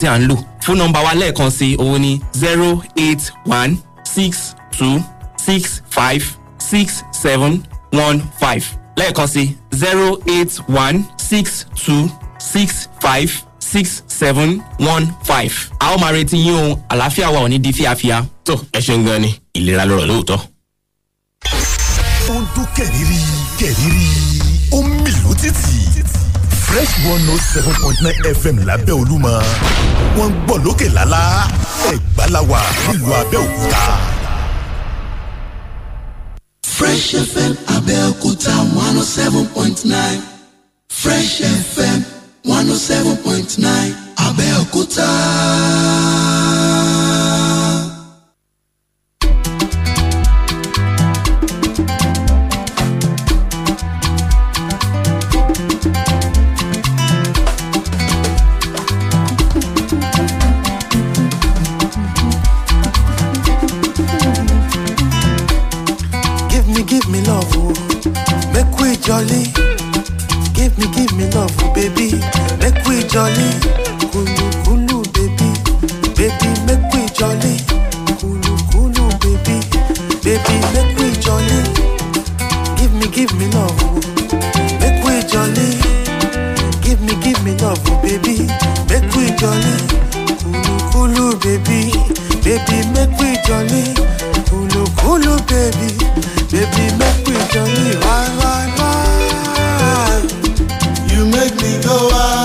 tí à ń lò fún nọ́mbà wa lẹ́ẹ̀kan sí òun ni zero eight one six two six five six seven one five lẹ́ẹ̀kan sí zero eight one six two six five six seven one five. a ó máa retí yín o àlàáfíà wa ò ní di fíafíà. tó ẹ ṣeun gan ni ìlera lọrọ lóòótọ́. ó ń dún kẹ̀rìírí kẹ̀rìírí ó ń mìlú títì fresh one note oh seven point nine fm lábẹ́ olúmọ wọ́n ń gbọ́ lókè lálá ẹ̀gbálawa nílùú abẹ́òkúta. fresh fm abẹ́òkúta one oh seven point nine fresh fm one oh seven point nine abẹ́òkúta. oh. Make we jolly. Give me, give me love, oh, baby. Make we jolly. Kulu, kulu, baby. Baby, make we jolly. Kulu, kulu, baby. Baby, make we jolly. Give me, give me love, oh. Make we jolly. Give me, give me love, oh, baby. Make we jolly. Kulu, kulu, baby. Baby, make we jolly. Kulu kulu baby, baby make we journey. Why why why? You make me go wild.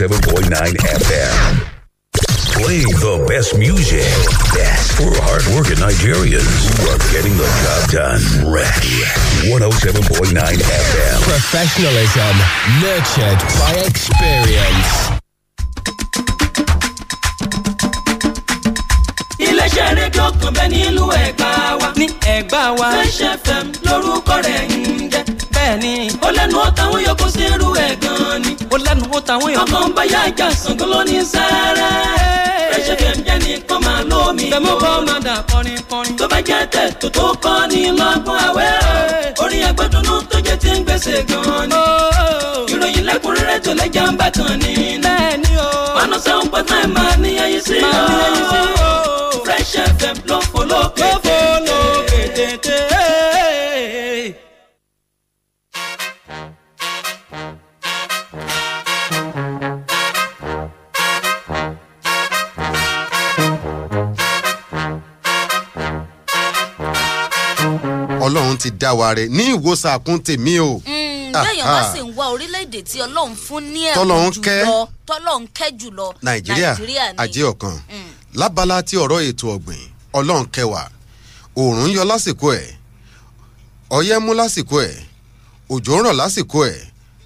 107.9 FM. Play the best music. Best for hardworking Nigerians who are getting the job done. Ready. 107.9 FM. Professionalism nurtured by experience. iléeṣẹ́ rédíò kan bẹ́ẹ̀ nílùú ẹ̀gbá wa. ní ẹ̀gbá wa. fresh fm lórúkọ rẹ̀ ń jẹ́. bẹ́ẹ̀ ni. ó lẹ́nu ó tàwọn yòókù sí irú ẹ̀ gan ni. ó lẹ́nu ó tàwọn yòókù. ọkàn báyà ìjà Ṣàngó ló ní sẹ́rẹ́. Fresh FM jẹ́ nìkan máa lómi. bẹ́ẹ̀mú kọ́ máa dà kọrin kọrin. tó bá jẹ́ tẹ̀ tó tó kọ́ ni lọ́gbọ́n àwẹ̀. orin ẹgbẹ́dúnú tó jẹ́ ti ń gbèsè gan-an ni. Oh. ìròyìn lẹ́kùnrẹ́rẹ́ tó lẹ́jà ń bàtàn ni. bẹ́ẹ̀ ni o. one oh seven point nine máa ní ẹyí sí i. máa oh. Fresh FM ló fò lókè tètè. ọlọ́run ti dá wa rẹ̀ ní ìwòsàn àkúntè mi o. lẹ́yìn mm, bá sì ń wá orílẹ̀-èdè tí ọlọ́run fún ní ẹ̀kún jùlọ tọ́lọ́run kẹ́ jùlọ nàìjíríà ni. ajé ọ̀kan mm. lábala ti ọ̀rọ̀ ètò ọ̀gbìn ọlọ́run kẹwàá òòrùn yọ lásìkò ẹ̀ ọyẹ́ mú lásìkò ẹ̀ òjò ń rọ̀ lásìkò ẹ̀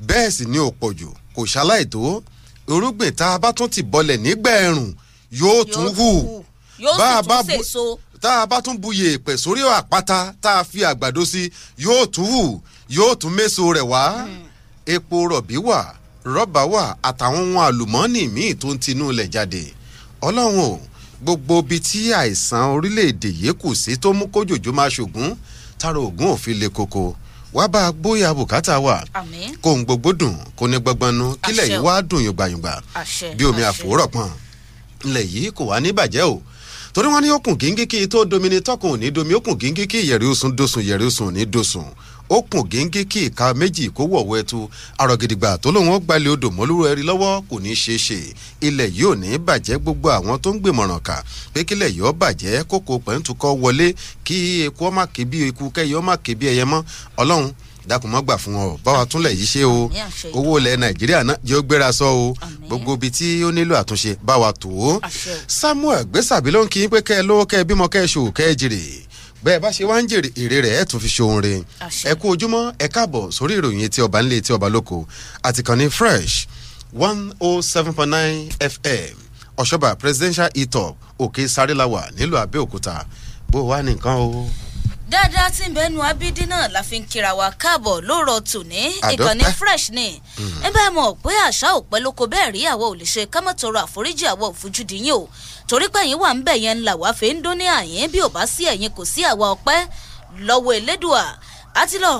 bẹ́ẹ̀ sì ni òpọ̀jù kò ṣaláì tó irúgbìn tá a bá tún ti bọlẹ̀ nígbà ẹ̀rùn yóò tún hù bá a bá bu tá a bá tún buyè èpẹ̀ sórí àpáta tá a fi àgbàdo sí yóò tún wù yóò tún méso rẹ̀ wá hmm. epo rọ̀bì wà rọ́bà wà àtàwọn ohun àlùmọ́ọ́nì míì tó ń tinú ilẹ̀ jáde ọlọ́run o gbogbo ibi tí àìsàn orílẹ̀-èdè yìí kù sí tó mú kójòjò máa ṣògùn tààrà ògùn òfin le koko wá bá a gbóyà bùkátà wa kò ń gbogbo dùn kò ní gbọgbọnu kílẹ̀ yìí wá dùn yùngbàyùngbà bí omi àfòwúrọ̀ pọ̀n ńlẹ̀ yìí kò wá ní bàjẹ́ o. Àṣẹ torí wọn ní okùn gíngíkì tó domi ni tọkùn ò ní domi okùn gíngíkì yẹ̀rì osùn dosun yẹ̀rì osùn ò ní dosun okùn gíngíkì ìka méjì kó wọ̀wọ́ ẹtu àrògìdìgbà tó lóun ó gbalẹ̀ odò mọ́lúrú ẹ̀rí lọ́wọ́ kò ní í ṣeé ṣe ilẹ̀ yìí ò ní bàjẹ́ gbogbo àwọn tó ń gbèmọ̀ràn kà pé kílẹ̀ yìí bàjẹ́ kókó pẹ̀ntukọ́ wọlé kí eku ọmọ kébí eku kẹ́yìí ọmọ kébí ẹyẹ ọlọ́run dákun mọ́ gbà fún ọ báwa túnlẹ̀ yìí ṣe o owó ilẹ̀ nàìjíríà náà jẹ́ ó gbéra sọ o gbogbo ibi tí ó nílò àtúnṣe báwa tó o samuel gbèsàbí ló ń kí pé kẹ́ ẹ lówó kẹ́ ẹ bímọ kẹ́ ẹ ṣòwò kẹ́ ẹ jèrè bẹ́ẹ̀ bá ṣe wá ń jèrè èrè rẹ̀ ẹ̀ tún fi ṣohun re ẹ kú ojúmọ́ ẹ káàbọ̀ sórí ìròyìn etí ọba nílé etí ọba lóko àti kan ní fresh one oh seven point nine fm ọ̀ṣọ́bà presidential etop òkè sáré la wà nílùú àbẹ́òkúta bó o wá nìkan o dáadáa tí ń bẹnu náà la fi ń kíra wa káàbọ̀ lóòrọ̀ tòní ìkànnì fresh ni hmm. ẹ bá mọ̀ pé àṣà ò pẹ́ lóko bẹ́ẹ̀ rí àwa ò lè ṣe ká má tọrọ àforíjì àwa ò fojú di yín o torí pé ẹ̀yin wà ń bẹ̀ yẹn ńlá wá fi ń dún ní àyín bí ò bá sí ẹ̀yin kò sí àwa ọpẹ́ lọ́wọ́ elédùà àti lọ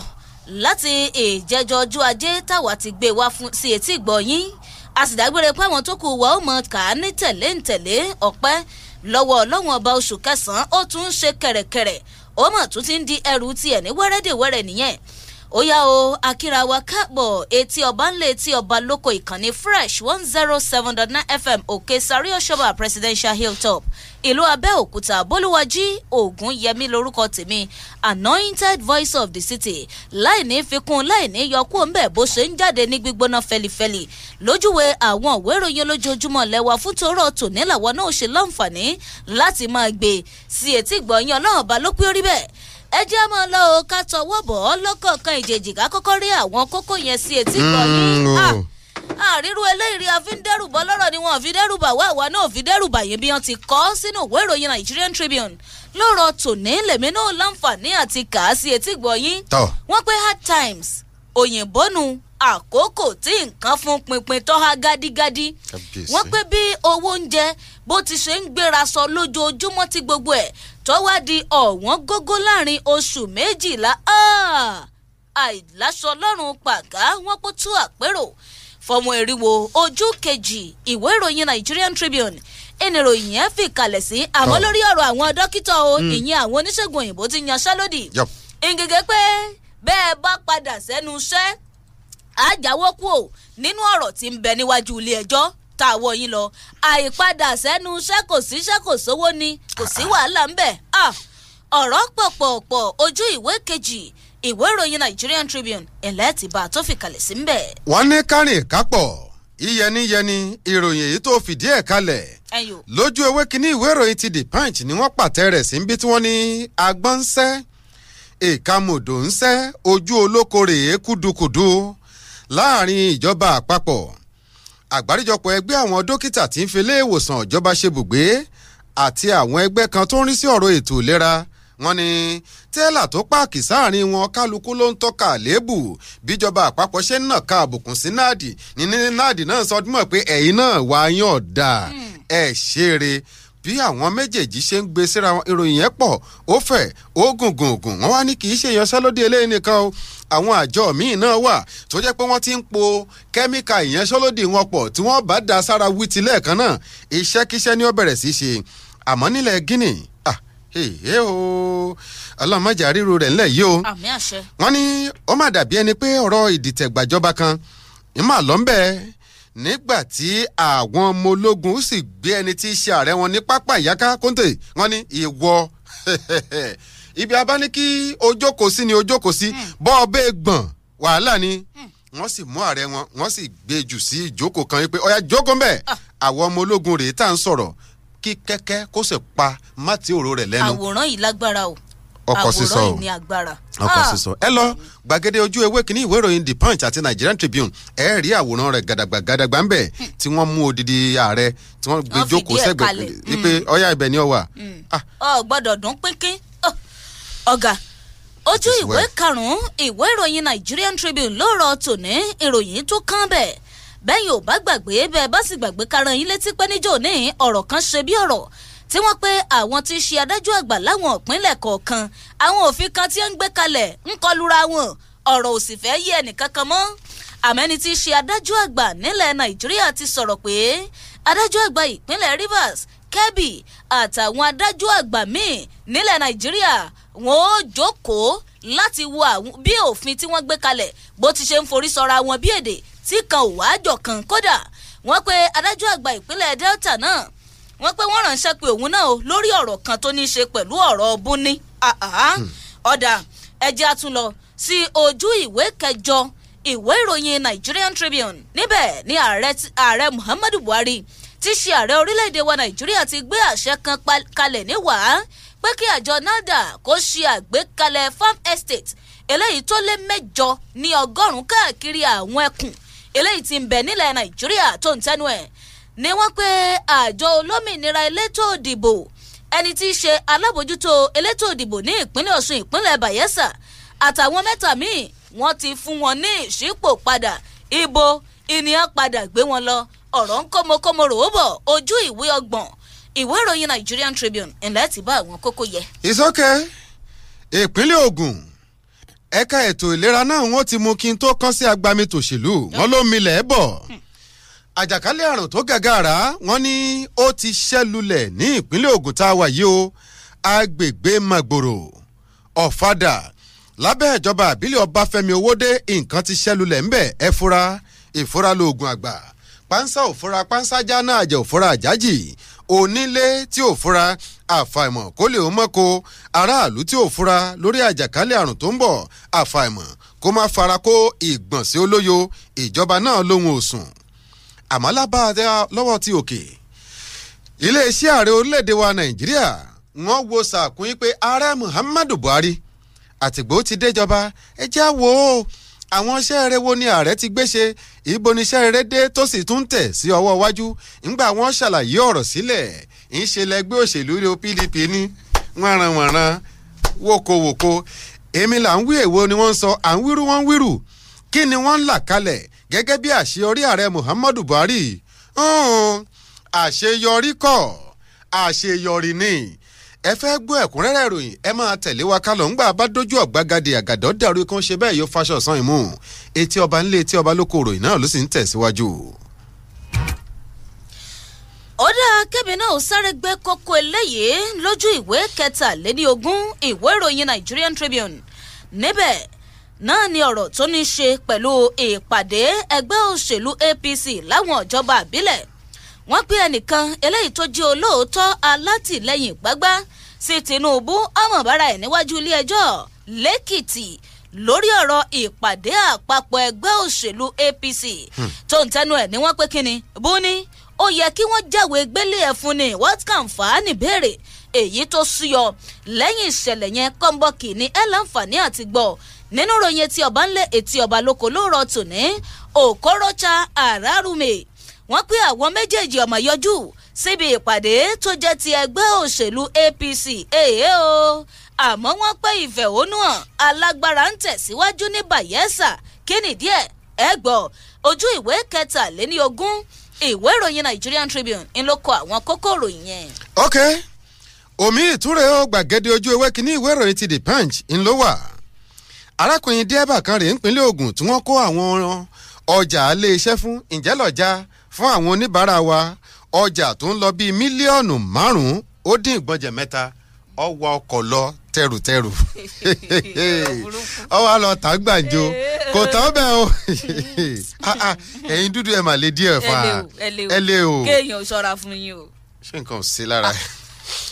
láti ìjẹjọ ọjọ́ ajé táwa ti gbé wa fún sí etí ìgbọ́ yín a pé àwọn tó kù wa ó mọ kà á ní tẹ̀lé ń tẹ̀lé ọpẹ́ lọ́wọ́ ọlọ́run ọba oṣù kẹsàn-án ó tún ń ṣe kẹ̀rẹ̀kẹ̀rẹ̀ ó mọ̀ tún ti ń di ẹrù tiẹ̀ ní wẹ́rẹ́dẹ̀wẹ́rẹ́ nìyẹn ó yá o akíra wa káàbọ̀ etí ọba ńlẹ̀ etí ọba lóko ìkànnì fresh one zero oh seven dot nine fm òkè sáré ọ̀ṣọ́bà presidential hilltop ìlú abẹ́òkúta bólúwájí ògùn yẹmí lorúkọ tèmi anointed voice of the city láìní fikún láìní yọkú ń bẹ̀ bó ṣe ń jáde ní gbígbóná fẹlifẹli lójúwe àwọn òwe ìròyìn lójoojúmọ́ lẹ́wà fún tòró tòní làwọn náà ṣe láǹfààní láti máa gbé sí etí ìgbọ̀nyìn ọlọ́run ọba bẹ́ẹ̀ ẹ jẹ́ mọ́ lọ o ká tọwọ́ bọ̀ ọ́ lọ́kọ̀ọ̀kan ìjèjì ká kọ́kọ́ rí àwọn kókó yẹn sí etí gbọ̀ yín mm, oh. àrírú eléyìí a fi ń dẹ́rùbọ́ lọ́rọ̀ ni wọ́n fi dẹ́rùbà wá àwa náà fi dẹ́rùbà yẹn bí wọ́n ti kọ́ sínú ìwé ìròyìn Nigerian Tribune lọ́rọ̀ tòní lèmi náà láǹfààní àti kà á sí etí gbọ̀ wọ́n pé hard times òyìnbónu àkókò tí nǹkan fún pinpin tó gádígádí wọ́n pé bí owó oúnjẹ bó ti ṣe ń gbéra sọ lójoojúmọ́ tí gbogbo ẹ̀ tó di ọ̀wọ́n gógó láàrin oṣù méjìlá ah! àìláṣọ lọ́rùn pàgá wọ́n kó tú àpérò fọmọ ìrìwò ojú kejì ìwé ìròyìn Nigerian Tribune ènìròyìn yẹn fi kalẹ̀ sí àmọ́ oh. lórí ọ̀rọ̀ àwọn dókítà o hmm. ìyẹn àwọn oníṣègùn òyìnbó ti yanṣẹ́ lódì. ngègé pé bẹ́ẹ̀ bá padà sẹ́nu iṣẹ́ àjáwó kù ò nínú ọ̀rọ̀ tí ń bẹ níwájú ilé ẹjọ́ tá a wọ yín lọ àìpadà sẹ́nu iṣẹ́ kò síṣẹ́ kò sówó ni kò sí wàhálà ń bẹ̀ ọ̀rọ̀ pọ̀pọ̀pọ̀ ojú ìwé kejì ìwé ìròyìn Nigerian Tribune ẹ̀lẹ́ ti bá a tó fi kalẹ̀ sí mbẹ̀. wọ́n ní kárìn kápọ̀ yíyẹniyẹni ìròyìn èyí tó fìdí ẹ̀ kalẹ̀ lójú ewé kínní ìwé ìròyìn ti The Punch ni wọ́n pàtẹ rẹ̀ sí bí tí wọ́n ní agbọ́n ń sẹ́ ojú olóko rèé láàrin ìjọba àpapọ̀ àgbáríjọpọ̀ ẹgbẹ́ àwọn dókítà tí ń felé ìwòsàn ìjọba ṣe bùgbé àti àwọn ẹgbẹ́ kan tó ń rí sí ọ̀rọ̀ ètò ìlera wọ́n ní tẹ́là tó páàkì sáàrin wọn kálukú ló ń tọ́ka àléébù bíjọba àpapọ̀ ṣe ń nàka àbùkùn sí náàdì ní náàdì náà sọdúnmọ̀ pé ẹ̀yin náà wà á yàn ọ̀dà hmm. ẹ̀ ṣeré bí àwọn méjèèjì ṣe ń gbé síra wọn ìròyìn yẹn pọ̀ ó fẹ̀ ó gùngùngùn wọn wá ní kì í ṣe ìyanṣẹ́lódì eléyìí nìkan o àwọn àjọ míì náà wà tó jẹ́ pé wọ́n ti ń po kẹ́míkà ìyanṣẹ́lódì wọn pọ̀ tí wọ́n bá da sára wítí lẹ́ẹ̀kan náà iṣẹ́kíṣẹ́ ni ó bẹ̀rẹ̀ sí í ṣe àmọ́ nílẹ̀ Guinea èyí o ọlọ́mọjà ríru rẹ̀ ńlẹ̀ yìí o wọ́n ní ó má dàbí ẹni pé ọ̀rọ̀ ìdìtẹ̀gbàjọba kan ìmọ̀ àlọ́ nígbà tí àwọn ọmọ ológun sì gbé ẹni tí í ṣe ààrẹ wọn ní pápá ìyáká kóńté wọ́n ní ìwọ ibi abáníkí ojókòó sí ni ojókòó sí hmm. bọ́ọ̀bẹ́ gbọ̀n wàhálà ni hmm. wọ́n sì mú ààrẹ wọn wọ́n sì gbé jù sí ìjókòó kan wípé ọ̀yà jókòó mbẹ́ ah. àwọn ọmọ ológun rèé tá à ń sọ̀rọ̀ kí kẹ́kẹ́ kó sì pa mátì òró rẹ̀ lẹ́nu. àwòrán yìí lágbára o ọkọ̀ sísọ o ọkọ̀ ah. sísọ ẹ lọ gbàgede ojú ewé kínní ìwé ìròyìn the punch àti nigerian tribune ẹ rí àwòrán rẹ̀ gàdàgbà gàdàgbà ń bẹ hmm. tí wọ́n mú odidi ààrẹ tí wọ́n gbé jókòó sẹ́gbẹ̀ẹ́ wípé hmm. ọyá ibẹ̀ ni ọ wà. Hmm. Ah. ọ gbọ́dọ̀ dún pínpín oh, ọ̀gá ojú ìwé karùnún ìwé ìròyìn nigerian tribune ló rọ tòní ìròyìn tó kán bẹ́ẹ̀ bẹ́yìn ò bá gbàgbé bẹ́ẹ̀ bá sì gbàgbé karan yín létí pé níjọ́ ní ọ̀rọ̀ kan ṣe bí ọ̀rọ̀ tí wọ́n pé àwọn tí ṣe adájọ́ àgbà láwọn ìpínlẹ̀ kọ̀ọ̀kan àwọn òfin kan tí ó ń gbé kalẹ̀ ń kọlura wọn ọ̀rọ̀ ò sì fẹ́ yí ẹnìkankan mọ́ àmẹ́ni tí ṣe adájọ́ àgbà nílẹ̀ Nàìjíríà ti sọ̀rọ̀ pé adájọ́ àgbà ìpínlẹ̀ Rivers Kebbi àtàwọn adájọ́ àgbà míì nílẹ̀ Nàìjíríà wọn ò jókòó láti wo àwọn bí òfin tí wọ́n gbé kalẹ̀ bó ti ṣe ń forí sọra wọn bí èdè tí kan ò wá jọ kódà wọ́n pe adájọ́ àgbà ìpínlẹ̀ Delta náà wọ́n pé wọ́n ránṣẹ́ pé òun náà o lórí ọ̀rọ̀ kan tó ní í ṣe pẹ̀lú ọ̀rọ̀ búni ah, ah. hmm. ọ̀dà ẹjẹ́ àtúnlọ sí ojú ìwé kẹjọ ìwé ìròyìn Nigerian Tribune níbẹ̀ ni ààrẹ Muhammadu Buhari ti ṣe ààrẹ orílẹ̀-èdè wa Nàìjíríà ti gbé àṣẹ kan kalẹ̀ níwàá pé kí àjọ NADA kó ṣe àgbékalẹ̀ farm estate eléyìí tó lé mẹ́jọ ní ọgọ́rùn-ún káàkiri àwọn ẹkùn eléyìí ti ń bẹ nílẹ̀ Nàìjíríà tó ń tẹnu ẹ̀ ni wọ́n pe àjọ olómìnira elétò òdìbò ẹni tí í ṣe alábòjútó elétò òdìbò ní ìpínlẹ̀ ọ̀ṣun ìpínlẹ̀ bayelsa àtàwọn mẹ́ta míì wọ́n ti fún wọn ní ìṣípò padà ibo ìníyàn padà gbé wọn lọ ọ̀rọ̀ ń kọ́mọkọ́mọ ròóbọ̀ ojú ìwé ọgbọ̀n ìwé ìròyìn nigerian tribune ńlẹ́ ti bá àwọn kókó yẹ. ìsọ́kẹ́ ìpínlẹ̀ ogun ẹ̀ka ètò ìlera náà wọ́n ti mú kí n tó kán sí agbami tòṣèlú wọn ló milẹ̀ bọ̀. Hmm àjàkálẹ̀ àrùn tó gàgàrà wọ́n ní ó ti ṣẹ́ lulẹ̀ ní ìpínlẹ̀ Ògùn tá a wà yìí o agbègbè Màgbòrò Ọ̀fadà lábẹ́ ìjọba àbílẹ̀ Ọbáfẹ́mi Owódé nǹkan ti ṣẹ́ lulẹ̀ ńbẹ̀ ẹ fura ìfura lóògùn àgbà pánsá òfura pánsá jáná àjẹ òfura àjájì onílé tí ò fura àfàìmọ̀ kó lè mọ́ko aráàlú tí ò fura lórí àjàkálẹ̀ àrùn tó ń bọ̀ àfàìmọ̀ kó má fara kó ìgbọ̀nsẹ̀ olóyo ìjọba náà lóhun òsùn àmọ́ lábá lọ́wọ́ ti òkè iléeṣẹ́ ààrẹ orílẹ̀-èdè wa nàìjíríà wọ́n wo sàkún pé ààrẹ muhammadu buhari àtìgbò ti déjọba ẹ já wo àwọn iṣẹ́ rere wo ni ààrẹ ti gbé ṣe ìbò níṣẹ́ rere dé tó sì tún tẹ̀ sí ọwọ́ iwájú ńgbà wọ́n ṣàlàyé ọ̀rọ̀ sílẹ̀ ń ṣe lẹ́gbẹ́ òṣèlú rí pdp ní wọ́nranwọ̀nran wokowoko èmi là ń wí èwo ni wọ́n ń sọ à ń wírú wọ́n ń wírù kí ni wọ́n ń là kalẹ̀ gẹ́gẹ́ bí àṣeyọrí ààrẹ Muhammadu Buhari hmm, àṣeyọrí kọ́ àṣeyọrí ni ẹ fẹ́ gbọ́ ẹ̀kúnrẹ́rẹ́ ìròyìn ẹ máa tẹ̀lé wa kálọ̀ ńgbà bá dójú ọ̀gbagadè àgàdọ́ dàrú ikán ṣe bẹ́ẹ̀ yóò faṣọ ọ̀sán ìmú etí ọba ńlé etí ọba lóko ìròyìn náà ló sì ń tẹ̀síwájú. ó kẹ́mi náà sáré gbé kókó eléyìí lójú ìwé kẹtàléní ìwé ìròyìn Nigerian Tribune níbẹ̀ náà ni ọ̀rọ̀ tó ní ṣe pẹ̀lú ìpàdé ẹgbẹ́ òṣèlú apc láwọn ìjọba àbílẹ̀ wọ́n pé ẹnìkan eléyìí tó jẹ́ olóòótọ́ alátìlẹyìn gbágbá sí tinubu ọmọbára ẹ̀ níwájú ilé-ẹjọ́ lẹ́kìtì lórí ọ̀rọ̀ ìpàdé àpapọ̀ ẹgbẹ́ òṣèlú apc hmm. tó ń tẹnu ẹ̀ ní wọ́n pé kínni bú ní ó yẹ kí wọ́n jáwé gbélé ẹ̀ fún ni what can fa ni béèrè èyí tó súyọ lẹ́yìn ìṣẹ̀lẹ̀ yẹn kọ́ńbọ̀kì ní ẹ̀ láǹfààní àti gbọ́ nínú ròyìn etí ọba ńlẹ etí ọba lóko lóòrọ tòní òkòròcha àràrùmè wọn pé àwọn méjèèjì ọmọ yọjú síbi ìpàdé tó jẹ ti ẹgbẹ òṣèlú apc èèyàn o àmọ́ wọ́n pé ìfẹ̀hónúhàn alágbára ń tẹ̀síwájú ní bayelsa kí nìdí ẹ̀ ẹ gbọ́ ojú ìwé kẹtàléní ogún ìwé ìròyìn nigerian tribune ń ló kọ àwọn kókó yẹn. ok omi ìtúre ó gbàgede ojú ewé kínní ìwé ìròyìn ti the punch ń ló wà arákùnrin dẹ́ẹ̀bà kan rèé ńpínlẹ̀ Ògùn tí wọ́n kó àwọn ọjà iléeṣẹ́ fún ǹjẹ́ lọ́jà fún àwọn oníbàárà wa ọjà tó ń lọ bíi mílíọ̀nù márùn-ún ó dín ìgbọ́njẹ mẹ́ta ọwọ́ ọkọ̀ lọ tẹrùtẹrù ọwọ́ àlọ́ tà ń gbàǹjo kò tán bẹ́ẹ̀ o ah, ah, ẹ̀yin dúdú ẹ̀ mà lè díẹ̀ fà á ẹ lé o kéèyàn ṣọ́ra fún yín o ṣé nǹkan ò sí lára ẹ̀.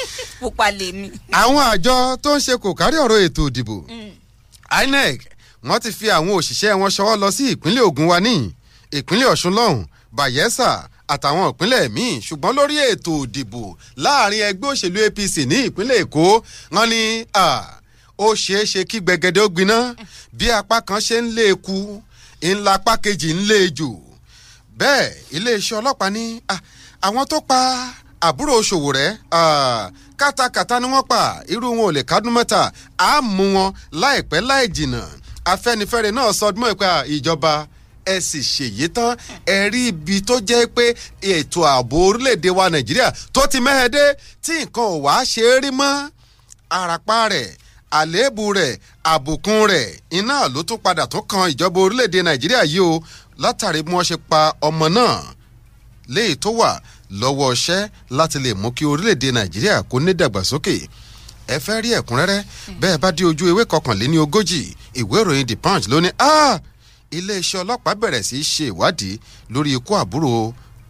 pupa lèmi. àwọn àjọ tó ń ṣe kò kárí ọ̀rọ̀ ètò ìdìbò mm. INEC wọ́n ti fi àwọn òṣìṣẹ́ wọn ṣọwọ́ lọ sí ìpínlẹ̀ Ògùn wa níyìn ìpínlẹ̀ Ọ̀ṣun lọ́hùn Bayelsa àtàwọn ìpínlẹ̀ míì ṣùgbọ́n lórí ètò ìdìbò láàrin ẹgbẹ́ òṣèlú APC ní ìpínlẹ̀ Èkó wọ́n ní ó ṣeé ṣe kí gbẹgẹdẹ ó gbiná bí apá kan ṣe ń lé eku ńlá apá kejì ń lé ejò bẹ́ẹ̀ iléeṣẹ́ ọlọ́pàá ní àwọn tó pa á àbúrò Ṣòwòrẹ́ kátàkátà ni wọ́n pa irú wọn ò lè kádùn mọ́ta á mú wọn láìpẹ́ láì jìnnà Afẹ́nifẹ́re náà sọdúnmọ́ ìpa ìjọba ẹ sì ṣèyí tán ẹ rí ibi tó jẹ́ pé ètò ààbò orílẹ̀-èdè wa nàìjíríà tó ti mẹ́hẹ́dé tí nǹkan ò wá ṣe é rí mọ́ àràpá rẹ̀ àléébù rẹ̀ àbùkún rẹ̀ iná ló tún padà tó kan ìjọba orílẹ̀-èdè nàìjíríà yìí o látàrí bí wọ́n ṣe pa ọmọ náà léyìí tó wà lọ́wọ́ iṣẹ́ láti lè mú kí orílẹ̀-èdè nàìjíríà kó ní dàgbàsókè ẹ fẹ́ rí ẹ̀kúnrẹ́rẹ́ hmm. bẹ́ẹ̀ bá dé ojú ewé kọkànléní ogójì ìwé ìròyìn the punch ló ní ah! iléeṣẹ́ ọlọ́pàá bẹ̀rẹ̀ sí í ṣe ìwádìí lórí ikú àbúrò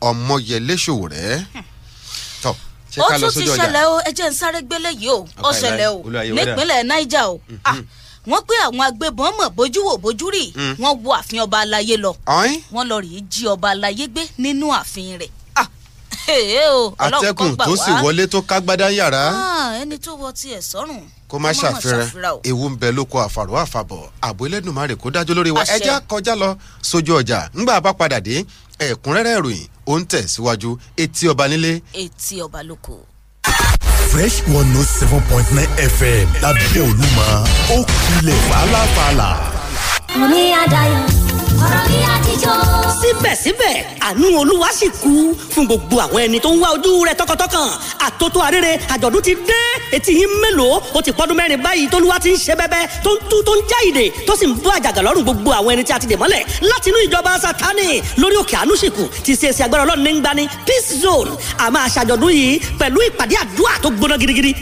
ọmọyẹlé Ṣòwòrẹ́. Hmm. ó tún ti ṣẹlẹ̀ o ẹ jẹ́ ń sáré gbélé yìí o ó ṣẹlẹ̀ o nípínlẹ̀ Niger o hmm, ah, wọ́n pé àwọn agbébọn mọ̀ bójú wò bójú rì wọ́n wo ààfin ọba aláyé lọ wọ́n lọ rèé jí ọba aláyé gbé nínú ààfin rẹ̀ atẹ́kùn tó sì wọlé tó kágbádá yàrá. Ah, ẹni tó wọ tiẹ̀ sọ́rùn. kó má ṣàfihàn ewu ń bẹ lóko àfàrò àfàbọ̀ àbò ẹlẹ́dùnmarè kó dájú lórí wa ẹja kọjá lọ sójú ọjà ńgbà bá padà dé ẹ̀kúnrẹ́rẹ́ ìròyìn ó ń tẹ̀síwájú etí ọba nílé. etí ọba lóko. fresh one note oh seven point nine fm lábẹ́ olúmọ ó kulẹ̀ fàlàfàlà. mo ní àdáyọ̀ ọ̀rọ̀ mi àtijọ́. síbẹ̀síbẹ̀ àánú olúwa sì kú fún gbogbo àwọn ẹni tó ń wá ojú rẹ̀ tọkàntọkàn àtótó arére àjọ̀dún ti dé etí yín mélòó ó ti pọ́dún mẹ́rin báyìí tólúwa ti ń ṣe bẹ́bẹ́ tó ń tú tó ń já ìdè tó sì ń bọ́ àjàgà lọ́rùn gbogbo àwọn ẹni tí a ti dè mọ́lẹ̀ láti ìjọba sátani lórí òkè ànúṣìkù ti ṣe èsì agbára ọlọ́run ní gbani peace zone a máa ṣàjọ̀dún yìí pẹ̀lú ìpàdé àdúrà tó gbóná girigiri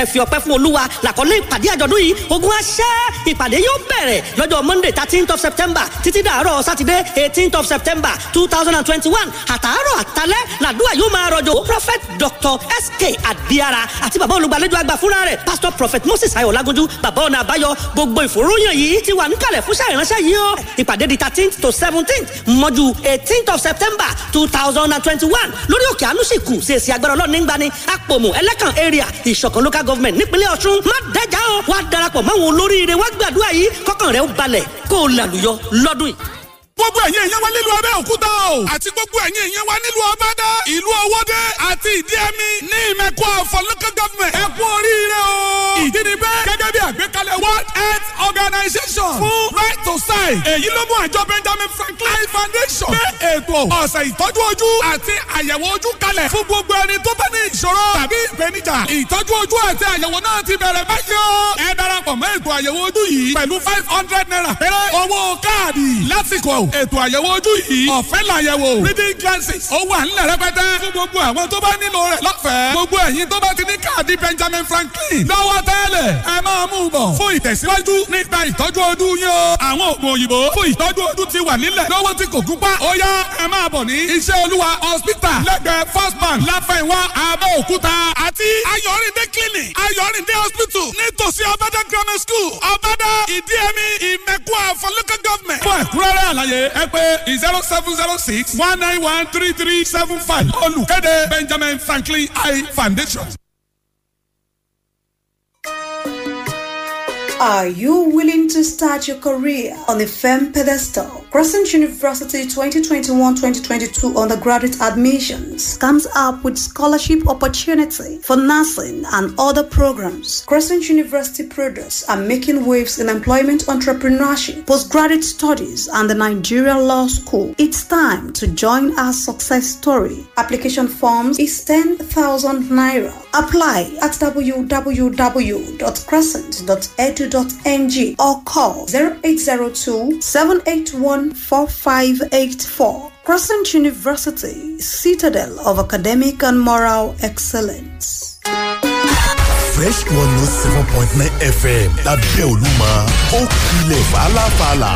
ẹ fi ọpẹ́ fún olúwa làkọ́lé ìpàdé àjọ̀dún yìí ogun aṣẹ́ ìpàdé yóò bẹ̀rẹ̀ lọ́jọ́ monday thirteenth of september títí dàárọ̀ sátidé eighteenth of september two thousand and twenty-one àtàárọ̀ àtalẹ́ làdúrà yóò máa rọ̀jò prophet dr sk adiara àti bàbá olùgbàlejò àgbà fúnra rẹ̀ pastor prophet moses ayọ̀ lagunjú bàbá ọ̀nà àbáyọ gbogbo ìfòròyìn yìí ti wà níkàlẹ̀ fúnṣẹ́ ìránṣẹ́ yìí o ìpàdé di thirteenth to seventeenth mọ́jú eighteenth of september two thousand and twenty-one lórí òkè anúṣìkù ṣèṣì agbára ọlọ́ọ̀ni gbani àpòmù ẹlẹ́kàn area ìṣọ̀kan local government nípínlẹ̀ ọ̀ṣun má dẹ́jà o wá darapọ̀ máwọn olóríire wá gbàdúrà yìí kọ́kàn rẹ̀ ó balẹ̀ kó o làlùyọ l lọ́dún yìí. gbogbo ẹ̀yin èèyàn wa nílùú Abẹ́òkúta o àti gbogbo ẹ̀yin èèyàn wa nílùú Ọbádá ìlú Ọwọ́dé àti Ìdíẹ̀mí ní ìmẹ̀kọ for local ẹ kú oríire o. ìdí ni bẹ́ẹ̀ gẹ́gẹ́ bí àgbékalẹ̀ World Health Organization fún right to sign èyí ló mú àjọ Benjamin Franklin Foundation gbé ètò ọ̀sẹ̀ ìtọ́jú ojú àti àyẹ̀wò ojú kalẹ̀ fún gbogbo ẹni tó bá ní ìṣòro tàbí ìpèníjà ìtọ́jú ojú àti àyẹ̀wò náà ti bẹ̀rẹ̀ báyìí ẹ darapọ̀ mọ́ ètò àyẹ̀wò ojú yìí pẹ̀lú five hundred naira owó káàdì lásìkò stroke. ètò àyẹ̀wò ojú yìí ọ̀fẹ́ làyẹ̀wò reading glasses ó wà nílẹ̀ rẹpẹtẹ fún gbogbo àwọn tó bá nílò rẹ̀ lọ́fẹ̀ẹ́ gbogbo ẹ̀yin tó bá ti ní káàdì Benjamin Franklin lọ́wọ́ tẹ́lẹ̀ ẹ máa mú un bọ̀ fún ìtẹ̀síwájú nípa ìtọ́jú ojú yín o àwọn oògùn òyìnbó fún ìtọ́jú ojú ti wà nílẹ̀ lọ́wọ́ tí kò gúnpá ó yá ẹ máa bọ̀ ní iṣẹ́ olúwa hospital lẹ́gbẹ̀ẹ́ first bank láfẹ̀wá Abẹ́òkúta àti ayọ̀rìndé clinic ayọ̀rìndé hospital nítòsí ọbàdàn grammar school ọbàdàn ìdíyẹmí ìmẹ̀kọ àfọlẹ́kọ̀ government fún ẹ̀kúrẹ́rẹ́ àlàyé pé ẹ pé one three three seven five olùkéde Benjamin Franklin Eye Foundation. Are you willing to start your career on a firm pedestal? Crescent University 2021-2022 undergraduate admissions comes up with scholarship opportunity for nursing and other programs. Crescent University products are making waves in employment entrepreneurship, postgraduate studies, and the Nigeria Law School. It's time to join our success story. Application forms is 10,000 naira. Apply at www.crescent.edu.ng or call 0802 781 Four five eight four Crescent University, citadel of academic and moral excellence. Fresh 107.9 FM lábẹ́ Olúmọ ó kulẹ̀ fàlàfàlà.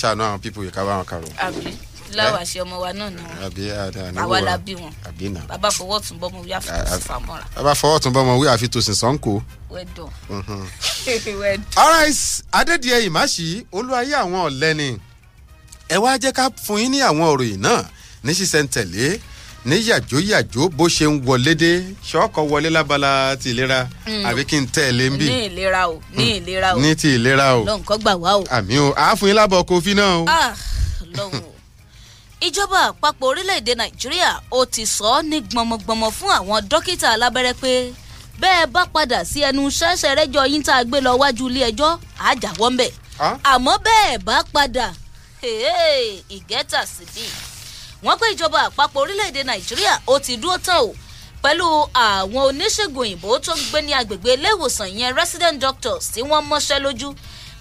ṣàánú àwọn pípò yìí ká bá wọn kàrò. àbí eh? láwọn àṣẹ ọmọ wa náà ni àbí àwa la bí wọn bàbá fọwọ́ tún bọ́ mọ wí àfi tòsí fàmọ́ra. bàbá fọwọ́ tún bọ́ mọ wí àfi tòsí sọ́ńkò. wẹ́dọ̀. alright adédìẹ ìmáṣí olúwayé àwọn ọ̀lẹ́ni ẹ wá jẹ́ ká fún yín ní àwọn òròyìn náà ní ṣísẹ̀ntẹ̀lé ní yàjóyàjó bó ṣe ń wọlé dé ṣọ́ọ̀kọ̀ wọlé lábala ti ìlera hmm. àbí kí n tẹ̀ lé ń bì. ní ìlera o ní hmm. ìlera o ní ti ìlera o lọ́n kọ́ gbà wá o. àmì o àáfin lábọ̀ kofi náà o. Ah, lọ́hùn o ìjọba àpapọ̀ orílẹ̀-èdè nàìjíríà ó ti sọ ọ́ ní gbọmọgbọmọ fún àwọn dókítà alábẹ́rẹ́ pé bẹ́ẹ̀ bá padà sí ẹnu ṣẹ́ṣẹ́ rẹ́jọ yín tá a gbé lọ wájú ilé ẹjọ́ àjàwọ́ ń bẹ̀ ah. àmọ́ bẹ́ẹ̀ bá padà ìgẹ́tà síbí wọ́n pé ìjọba àpapọ̀ orílẹ̀-èdè nàìjíríà ó ti dúró tán o pẹ̀lú àwọn oníṣègùn òyìnbó tó ń gbé ní agbègbè ilé yẹn resident doctors tí wọ́n mọ́ṣẹ́ lójú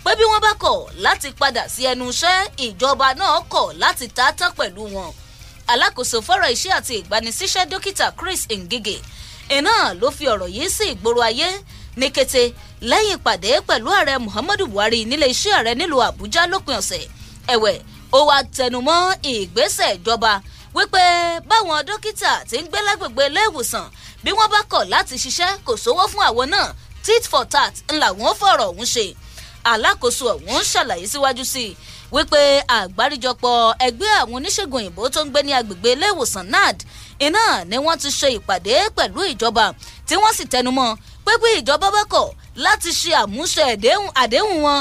pé bí wọ́n bá kọ̀ láti padà sí ẹnu iṣẹ́ ìjọba náà kọ̀ láti ta tán pẹ̀lú wọn. alákòóso fọ́rọ̀ iṣẹ́ àti ìgbanisíṣẹ́ dókítà chris ngige iná ló fi ọ̀rọ̀ yìí sí ìgboro ayé ní kété lẹ́yìn ìpàdé pẹ̀lú ààrẹ muhammadu buhari nílé iṣẹ́ ààrẹ nílùú àbújá lópin ọ̀sẹ̀ ẹ̀wẹ̀ ó wá tẹnumọ́ ìgbésẹ̀ ìjọba wípé báwọn dókítà ti ń gbé lágbègbè ilé ìwòsàn bí wọ́n bá kọ̀ láti ṣiṣẹ́ kò sówó fún àwọn náà tit for tat ńlá wọn fọ̀rọ̀ ọ̀hún ṣe alákòóso ọ̀hún ṣàlàyé síwájú sí i wípé àgbáríjọpọ̀ ẹgbẹ́ àwọn oníṣègùn òyìnbó tó ń gbé ní agbègbè ilé nad iná ni wọ́n ti ṣe ìpàdé pẹ̀lú ìjọba tí wọ́n sì tẹnumọ́ pé bí ìjọba bá kọ̀ láti ṣe àmúṣe àdéhùn wọn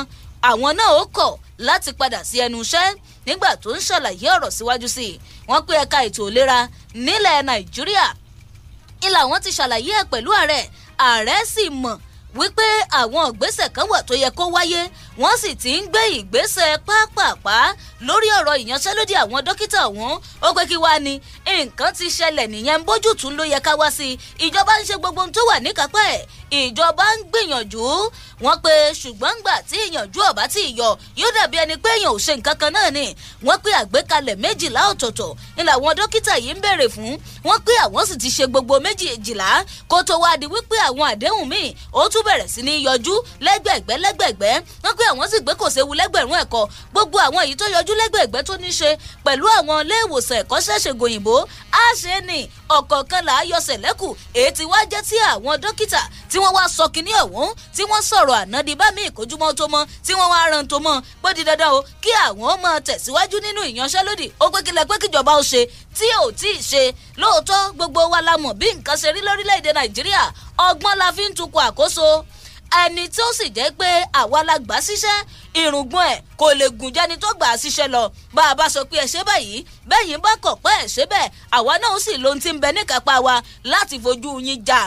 àwọn náà ó kọ̀ láti padà sí ẹnu iṣẹ́ nígbà tó ń ṣàlàyé ọ̀rọ̀ síwájú sí i wọ́n pé ẹ̀ka ètò ìlera nílẹ̀ nàìjíríà ilà wọn ti ṣàlàyé ẹ̀ pẹ̀lú ààrẹ ààrẹ sì mọ̀ wípé àwọn ìgbésẹ̀ kan wà tó yẹ kó wáyé wọ́n sì ti ń gbé ìgbésẹ̀ pápápá lórí ọ̀rọ̀ ìyanṣẹ́lódì àwọn dókítà ọ̀hún ó pé kí wá ni nǹkan ti ṣẹlẹ̀ nìyẹn bójútùú ló yẹ ká wá sí ìjọba ń ṣe gbogbo ohun tó wà níkápá ẹ̀ ìjọba ń gbìyànjú wọ́n pé ṣùgbọ́n gbà tí ìyànjú ọ̀bá tí ìyọ yóò dàbí ẹni pé èèyàn ò ṣe nǹkan kan náà ni wọ́n pé àgbékalẹ̀ méjìlá ọ̀tọ̀ọ̀tọ̀ ni làwọn dókítà yìí ń béèrè fún wọ́n pé àwọn sì ti ṣe gbogbo méjìlá kó tó wá di wípé àwọn àdéhùn míì ó tún bẹ̀rẹ̀ sí ní yọjú lẹ́gbẹ̀gbẹ́ lẹ́gbẹ̀gbẹ́ wọ́n pé bẹ́ẹ̀ wọ́n sì gbé kò séwu lẹ́gbẹ̀rún ẹ̀kọ́ gbogbo àwọn èyí tó yọjú lẹ́gbẹ̀ẹ́gbẹ́ tó ní ṣe pẹ̀lú àwọn ilé ìwòsàn ẹ̀kọ́ ṣẹ̀ṣẹ̀gùn òyìnbó á ṣe é ní ọ̀kọ̀ọ̀kan là á yọ sẹ̀lẹ́kù èyí tí wá jẹ́ tí àwọn dókítà tí wọ́n wá sọ kínní ọ̀hún tí wọ́n sọ̀rọ̀ ànádì bá mi ìkójúmọ́ tó mọ́ tí wọ́n wá ran tó mọ́ pé di dandan o kí àwọn máa tẹ̀síwájú nínú ìyanṣẹ́lódì ó pé kílẹ̀ pé kíjọba ó ṣe tí ò tí ì ṣe lóòótọ́ gbogbo wa la mọ̀ bí nǹkan ṣe rí lórílẹ̀‐èdè nàìjíríà ọgbọ́n la fi ń tukọ̀ àkóso ẹni tó sì jẹ́ pé àwa la gbà síṣẹ́ irùngbọ̀n ẹ̀ kò lè gùn jẹ́ni tó gbà síṣẹ́ lọ bá a bá sọ pé ẹ ṣe báyìí bẹ́yìn bá kọ̀ pé ẹ ṣe bẹ́ẹ̀ àwa náà sì lohun tí ń bẹ níkápá wa láti fojú yín jà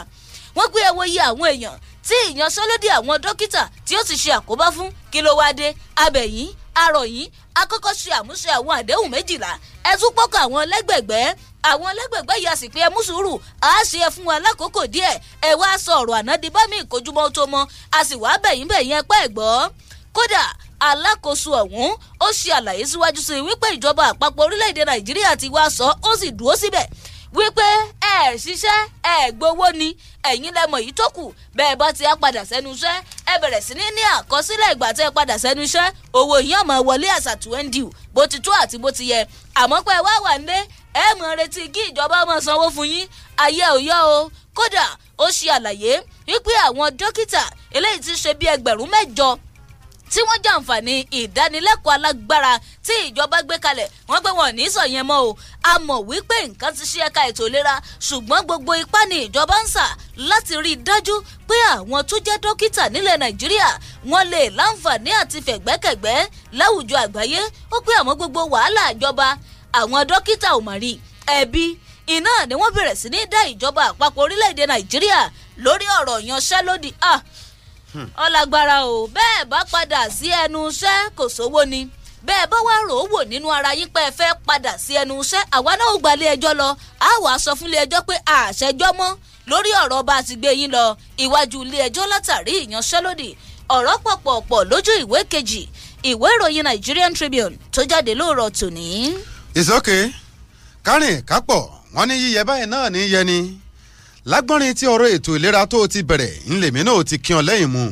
wọ́n pé ẹ wo iye àwọn èèyàn tí ìyanṣẹ́lódì àwọn dókítà tí ó ti ṣe àkóbá fún kí ló wáá dé abẹ̀yìn arọ̀yìn akọ́kọ́ ṣe àmúṣe àwọn àdéhùn méjìlá ẹ tún pọ́kọ̀ àwọn lẹ́gbẹ̀gbẹ́ àwọn alágbègbè yìí àsìkò ẹ mú sùúrù á ṣe ẹ fún wa lákòókò díẹ̀ ẹ wá sọ ọ̀rọ̀ ànádìí bá mi ìkojúmọ́ tó mọ a sì wá bẹ̀yìn bẹ̀yìn ẹ pẹ́ ẹ̀ gbọ́ kódà alákòóso ọ̀hún ó ṣe àlàyé síwájú sí i wípé ìjọba àpapọ̀ orílẹ̀-èdè nàìjíríà ti wá sọ ó sì dúró síbẹ̀ wípé ẹ ṣiṣẹ́ ẹ gbowó ni ẹ̀yin lẹ́mọ̀ yìí tó kù bẹ́ẹ̀ bá ti á padà sẹ́nu iṣẹ́ ẹ bẹ̀rẹ̀ sí ní ní àkọsílẹ̀ ìgbà tẹ́ ẹ padà sẹ́nu iṣẹ́ owó yìí ọ̀mọ̀ wọlé àṣà twenty bó ti tó àti bó ti yẹ àmọ́ pé wá wà nílé ẹ mọ̀ retí kí ìjọba máa sanwó fún yín ayé ò yọ o kódà ó ṣe àlàyé wípé àwọn dókítà eléyìí ti ṣe bí ẹgbẹ̀rún mẹ́jọ tí wọ́n jàǹfààní ìdánilẹ́kọ̀ọ́ alágbára tí ìjọba gbé kalẹ̀ wọ́n pé wọn ò ní sọ yẹn mọ́ o a mọ̀ wípé nǹkan ti ṣe ẹ̀ka ètò ìlera ṣùgbọ́n gbogbo ipá ni ìjọba ń sà láti rí i dájú pé àwọn tó jẹ́ dókítà nílẹ̀ nàìjíríà wọ́n lè láǹfààní àti fẹ̀gbẹ́kẹ̀gbẹ́ láwùjọ àgbáyé ó pé àwọn gbogbo wàhálà ìjọba àwọn dókítà ò mà rí ẹbí iná ni wọ́n bẹ̀rẹ̀ sí ní dá ìjọba àpapọ̀ orílẹ̀-èdè nàìjíríà lórí ọ̀rọ̀ ìyanṣẹ́lódì ọ̀làgbára hmm. o bẹ́ẹ̀ bá padà sí ẹnu iṣẹ́ kò sówó ni bẹ́ẹ̀ bá wá rò ó wò nínú ara yín pé ẹ fẹ́ padà sí ẹnu iṣẹ́ àwa náà ò gbalé ẹjọ́ lọ a wàá sọ fún ilé ẹjọ́ pé àṣẹjọ́ mọ́ lórí ọ̀rọ̀ bá a ti gbé yín lọ iwájú ilé ẹjọ́ látàrí ìyanṣẹ́lódì ọ̀rọ̀ pọ̀pọ̀pọ̀ lójú ìwé kejì ìwé ìròyìn Nigerian Tribune tó jáde lóòrọ̀ tòní it's okay kárìn kápọ̀ wọ́n ní yíyẹ báyìí náà ní yẹ ni lágbọ́nrin tí ọ̀rọ̀ ètò ìlera tó ti bẹ̀rẹ̀ ńlẹ̀mí náà ti kíyan lẹ́yìn mu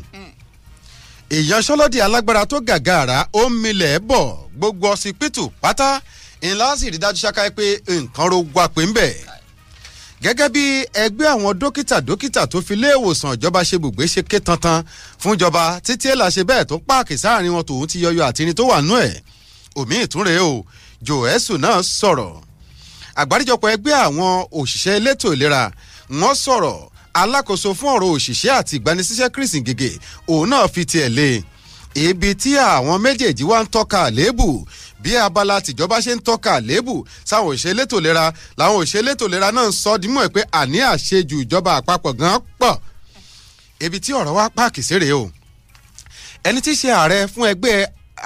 ìyanṣọ́lódì alágbára tó gàgàrà ó ń milẹ̀ bọ̀ gbogbo ọsibítù pátá ńlá sì rí dájú ṣáká pé nǹkan ro wà pé ń bẹ̀ gẹ́gẹ́ bí ẹgbẹ́ àwọn dókítà dókítà tó fi lé ìwòsàn ìjọba ṣe bùgbé ṣe ké tantan fúnjọba títí èlà ṣe bẹ́ẹ̀ tó páàkì sáàrin wọn tòun ti yọyọ àtirin tó wà nú ẹ̀ òmíì tún rèé o joesu náà sọ̀rọ̀ àgbáríjọpọ̀ ẹgbẹ́ àwọn òṣìṣẹ́ elétò ìlera wọ́n sọ̀rọ̀ alákòóso fún ọ̀rọ̀ òṣìṣẹ́ àti ìgbanisíṣẹ́ Chris Ngige òun náà fi tiẹ̀ lé ibi tí àwọn méjèèjì wá ń tọ́ka àléébù bí abala tìjọba ṣe ń tọ́ka àléébù sáwọn òṣìṣẹ́ elétò ìlera làwọn òṣìṣẹ́ elétò ìlera náà ń sọ ọ́ dímọ̀ pé àní àṣejù ìjọba àpapọ̀ gan pọ̀ ibi tí ọ̀rọ̀ wá pààkì sérè o ẹni tí í ṣe ààrẹ fún ẹgbẹ́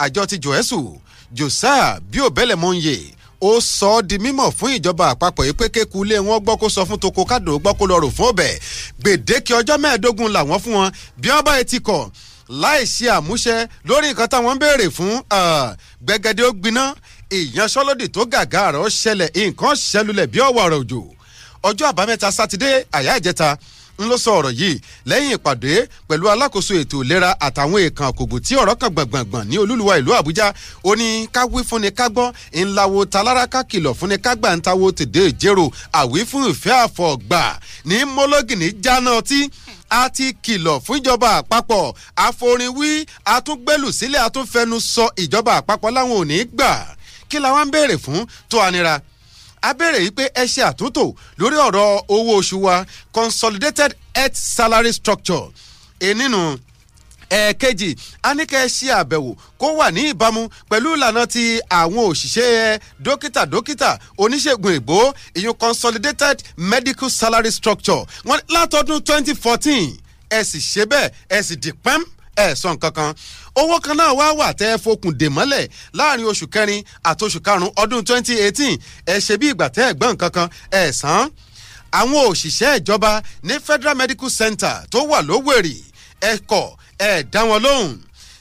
àjọ ti jọ̀ẹ́sù josiah bí òbẹ́lẹ̀ mọ́ ń yè ó sọ ọ́ di mímọ̀ fún ìjọba àpapọ̀ yìí pé kéku ilé wọn gbọ́ kó sọ fún toko kádò gbọ́ kó lọ rò fún ọbẹ̀ gbèdéke ọjọ́ mẹ́ẹ̀ẹ́dógún làwọn fún wọn bí wọ́n bá ti kọ̀ láì ṣe àmúṣẹ lórí nǹkan táwọn ń béèrè fún gbẹgẹdẹ ó gbiná ìyanṣọ́lódì tó gàgà rẹ̀ ṣẹlẹ̀ nǹkan ṣẹlulẹ̀ bí ọ̀wà ọ̀rọ̀ òjò ọjọ́ àbámẹ́ta sátidé àyà ìjẹta ló sọ ọ̀rọ̀ yìí lẹ́yìn ìpàdé pẹ̀lú alákòóso ètò ìlera àtàwọn èèkàn àkògùn tí ọ̀rọ̀ kan gbọ̀ngbọ̀ngbọ̀n ní olúluwa ìlú àbújá ó ní ká wí fúnni ká gbọ́ ńláwo talára ká kìlọ̀ fúnni ká gbà ń tawó tèdè ìjérò àwí fún ìfẹ́ àfọ̀gbà ní mọ́lọ́gìnì jáná ọtí a ti kìlọ̀ fún ìjọba àpapọ̀ àforinwí atúngbẹ́lù sílẹ̀ atúnfẹnu ìjọba àpapọ̀ láwọn ò gbà kí làwọn ń béèrè fún tó anira a béèrè yìí pé ẹ ṣe àtúntò lórí ọ̀rọ̀ owó oṣù wa consolidated health salary structure ènìyàn ẹ̀ẹ̀kejì anike ṣe àbẹ̀wò kó wà ní ìbámu pẹ̀lú ìlànà ti àwọn òṣìṣẹ́ dókítà dókítà oníṣègùn ìbò ìyún consolidated medical salary structure wọn látọdún twenty fourteen ẹ sì ṣe bẹ́ẹ̀ ẹ sì dìpẹ́m ẹ sọ nǹkan kan owó kan náà wá wà tẹ́ ẹ fokùn dè mọ́lẹ̀ láàrin oṣù kẹrin àti oṣù karùn ọdún 2018 ẹ ṣe bí ìgbà tẹ́ ẹ gbọ́ nǹkan kan ẹ san àwọn òṣìṣẹ́ ìjọba ní Federal Medical Center tó wà lówèrè ẹ kọ̀ dá wọn lóhùn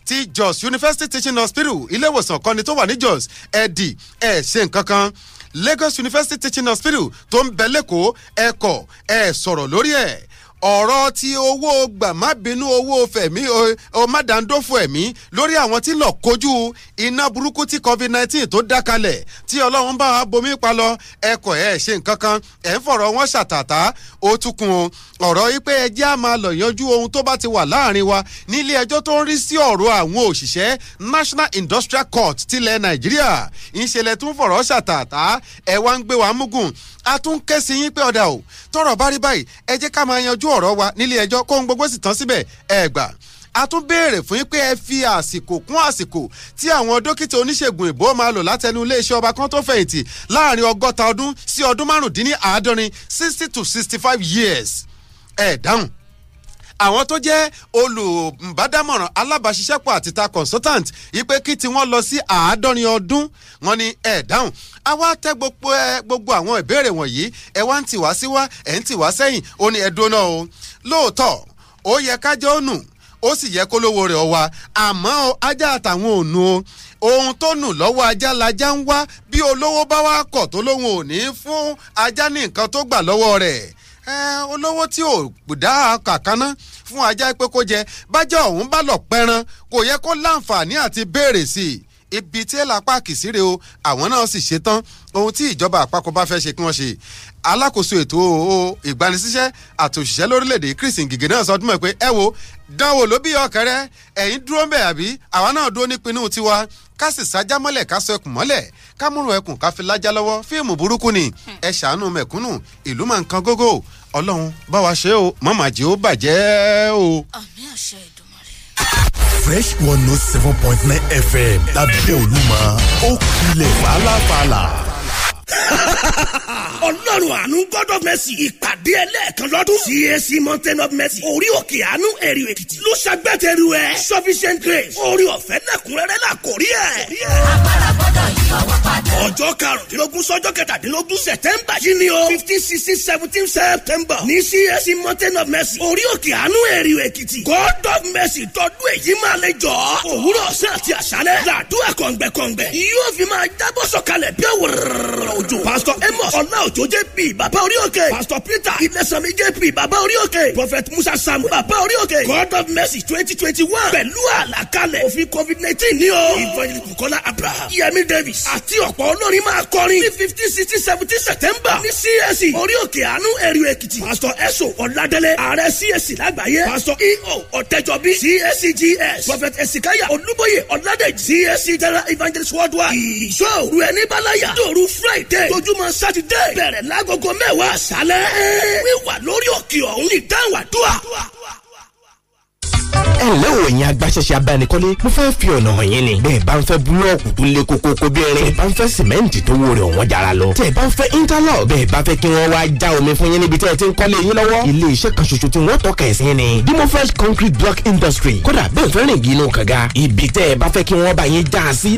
ti Jos University Teaching Hospital iléewòsàn kọ́ni tó wà ní Jos ẹ dì ẹ ṣe nǹkan Lagos University Teaching Hospital tó ń bẹ lẹ́kọ̀ọ́ ẹ kọ̀ sọ̀rọ̀ lórí ẹ̀ ọ̀rọ̀ ti owó gbàmábínú owó fẹ̀mí ọmọdàndófò ẹ̀mí lórí àwọn tí lọ kojú iná burúkú tí covid nineteen tó dá kalẹ̀ tí ọlọ́run bá wa bomi pa lọ ẹkọ̀ ẹ̀ ṣe nǹkan kan ẹ̀ ń fọ̀rọ̀ wọn ṣàtàtà ó tukùn o ọ̀rọ̀ yìí pé ẹjẹ́ á máa lọ yanjú ohun tó bá ti wà láàrin wa nílé ẹjọ́ tó ń rí sí ọ̀rọ̀ àwọn òṣìṣẹ́ National Industrial Court tilẹ̀ Nàìjíríà ìṣẹ̀lẹ̀ tún fọ̀rọ̀ ṣàtàtà ẹ̀ wá ń gbé wa múgùn a tún ké sí yín pé ọ̀dà o tọrọ bá rí báyìí ẹ jẹ́ ká máa yanjú ọ̀rọ̀ wa nílé ẹjọ́ kóhun gbogbo sì tán síbẹ̀ ẹ gbà a tún béèrè fún yín pé ẹ fi àsìkò kún àsìkò tí àwọn dókítà oníṣègùn ìbò máa lò látẹnu iléeṣẹ́ ọba kan tó fẹ̀yìntì láàrin ọgọ́ta ọdún sí ọdún márùndínláàádọ́rin sixty to sixty five years ẹ dáhùn àwọn tó jẹ́ olùbádámọ̀ràn alábàáṣiṣẹ́pọ̀ àti ta consultant ipe kí tí wọ́n lọ sí àádọ́rin ọdún wọn ni ẹ̀ dáhùn a wá tẹ gbogbo ẹ gbogbo àwọn ìbéèrè wọ̀nyí ẹ wá ń tì wá sí wá ẹ̀ ń tì wá sẹ́yìn ó ní ẹ̀dùn náà o lóòótọ́ ó yẹ kájọ́ ònù ó sì yẹ kólówó rẹ̀ ọ wa àmọ́ ajá àtàwọn ònù o ohun tó nù lọ́wọ́ ajá lajá ń wá bí olówó bá wá kọ̀ tó lóhun ò fún ajá ní nǹkan tó gbà lọ́wọ́ rẹ̀ olówó tí ò dá kàkánná fún ajá pé kó jẹ bájá ọ̀hún bá lọ pẹran kò yẹ kó láǹfààní àti béèrè sí i ibi tí èlà páàkì síre o àwọn náà sì ṣetán ohun tí ìjọba àpapọ̀ bá fẹ́ ṣe kí wọ́n ṣe alákòóso ètò ìgbanisíṣẹ́ àtòṣìṣẹ́ lórílẹ̀‐èdè Chris Ngige náà sọ ọdún mọ̀ pé ẹ wo dánwò ló bí ọ̀kẹ́rẹ́ ẹ̀yin dúró ń bẹ̀ àbí àwa náà dúró nípinnu tiwa ká sì sájà mọ́lẹ̀ ká sọ ẹkùn mọ́lẹ̀ ká múrun ẹkùn ká fi lájà lọ́wọ́ fíìmù burúkú ni ẹ ṣàánú mẹ̀kúnnù ìlú máa ń kan gógó ọlọ́run bá wa ṣe o mọ̀mọ́ àjẹ́ ó bàjẹ́ o. àmì àṣẹ ìdùnmọ̀rẹ́. fresh one note oh seven point nine fm lábẹ́ olúmọ ó kulẹ̀ fàlàfàlà ọlọ́run àánú god of mercy ìpàdé ẹlẹ́ẹ̀kan lọ́dún cac mountain of mercy orí òkè àánú èrè èkìtì ló ṣàgbẹ́tẹ̀rù ẹ̀ sufficient grace orí ọ̀fẹ́ lẹ́kùnrẹ́rẹ́ là ẹ̀. agbára gbọ́dọ̀ ọwọ́ padà. ọjọ́ karùndínlógún sọ́jọ́ kẹtàdínlógún sẹ̀tẹ́mbà yìí ni o fifteen sixteen seventeen september ní cac mountain of mercy orí òkè àánú èrè èkìtì god of mercy tọdún èyí máa lè jọ òwúrọ̀ ọ̀sẹ̀ àti àṣálẹ̀ làdúrà kọ̀ǹgbẹ̀kọ̀ǹgbẹ̀ yóò òjò pastor amos ọláòjò jp bàbá orí òkè pastor peter ilẹ̀sànmi jp bàbá orí òkè prophet musa samu bàbá orí òkè god of mercy twenty twenty one pẹ̀lú àlàkalẹ̀ òfin covid nineteen ní o evangelist bukola abraham yemi davis àti ọ̀pọ̀ olórin máa kọrin ní fifteen sixteen seventeen september ní csc e. orí òkè àánú ẹ̀rù èkìtì pastor eso ọ̀ladẹ́lẹ̀ ààrẹ csc e lágbàáyé pastor eo ọ̀tẹ́jọbí cscgs e prophet esikaya olúbóyè ọ̀ladẹ́jì csc general evangelist worldwide ìṣọ́ òru ẹni bá láyà dòru friday friday tójúmọ́ sátidé bẹ̀rẹ̀ lágogo mẹ́wàá àṣálẹ́ wíwà lórí òkè ọ̀hún ìdáhùn àdúrà ẹ ǹlẹ́ o ẹ̀yin agbaṣẹ́ṣe abánikọ́lé mo fẹ́ fi ọ̀nà hàn yín ni bẹ́ẹ̀ bá ń fẹ́ búlọ́ọ̀kù tó lé kókókó bí irin bá ń fẹ́ sìmẹ́ǹtì tó wúre ọ̀wọ́n jara lọ tẹ̀ bá ń fẹ́ interlock bẹ́ẹ̀ bá fẹ́ kí wọ́n wá já omi fún yín níbi tẹ́ ẹ ti ń kọ́lé yín lọ́wọ́ ilé kan ṣoṣo tí wọ́n tọ́ka ẹ̀ sí ni Dimofresh concrete block industry kódà bẹ́ẹ̀ fẹ́ rìn gínú kànga ibi tẹ́ ẹ bá fẹ́ kí wọ́n bá yín já a sí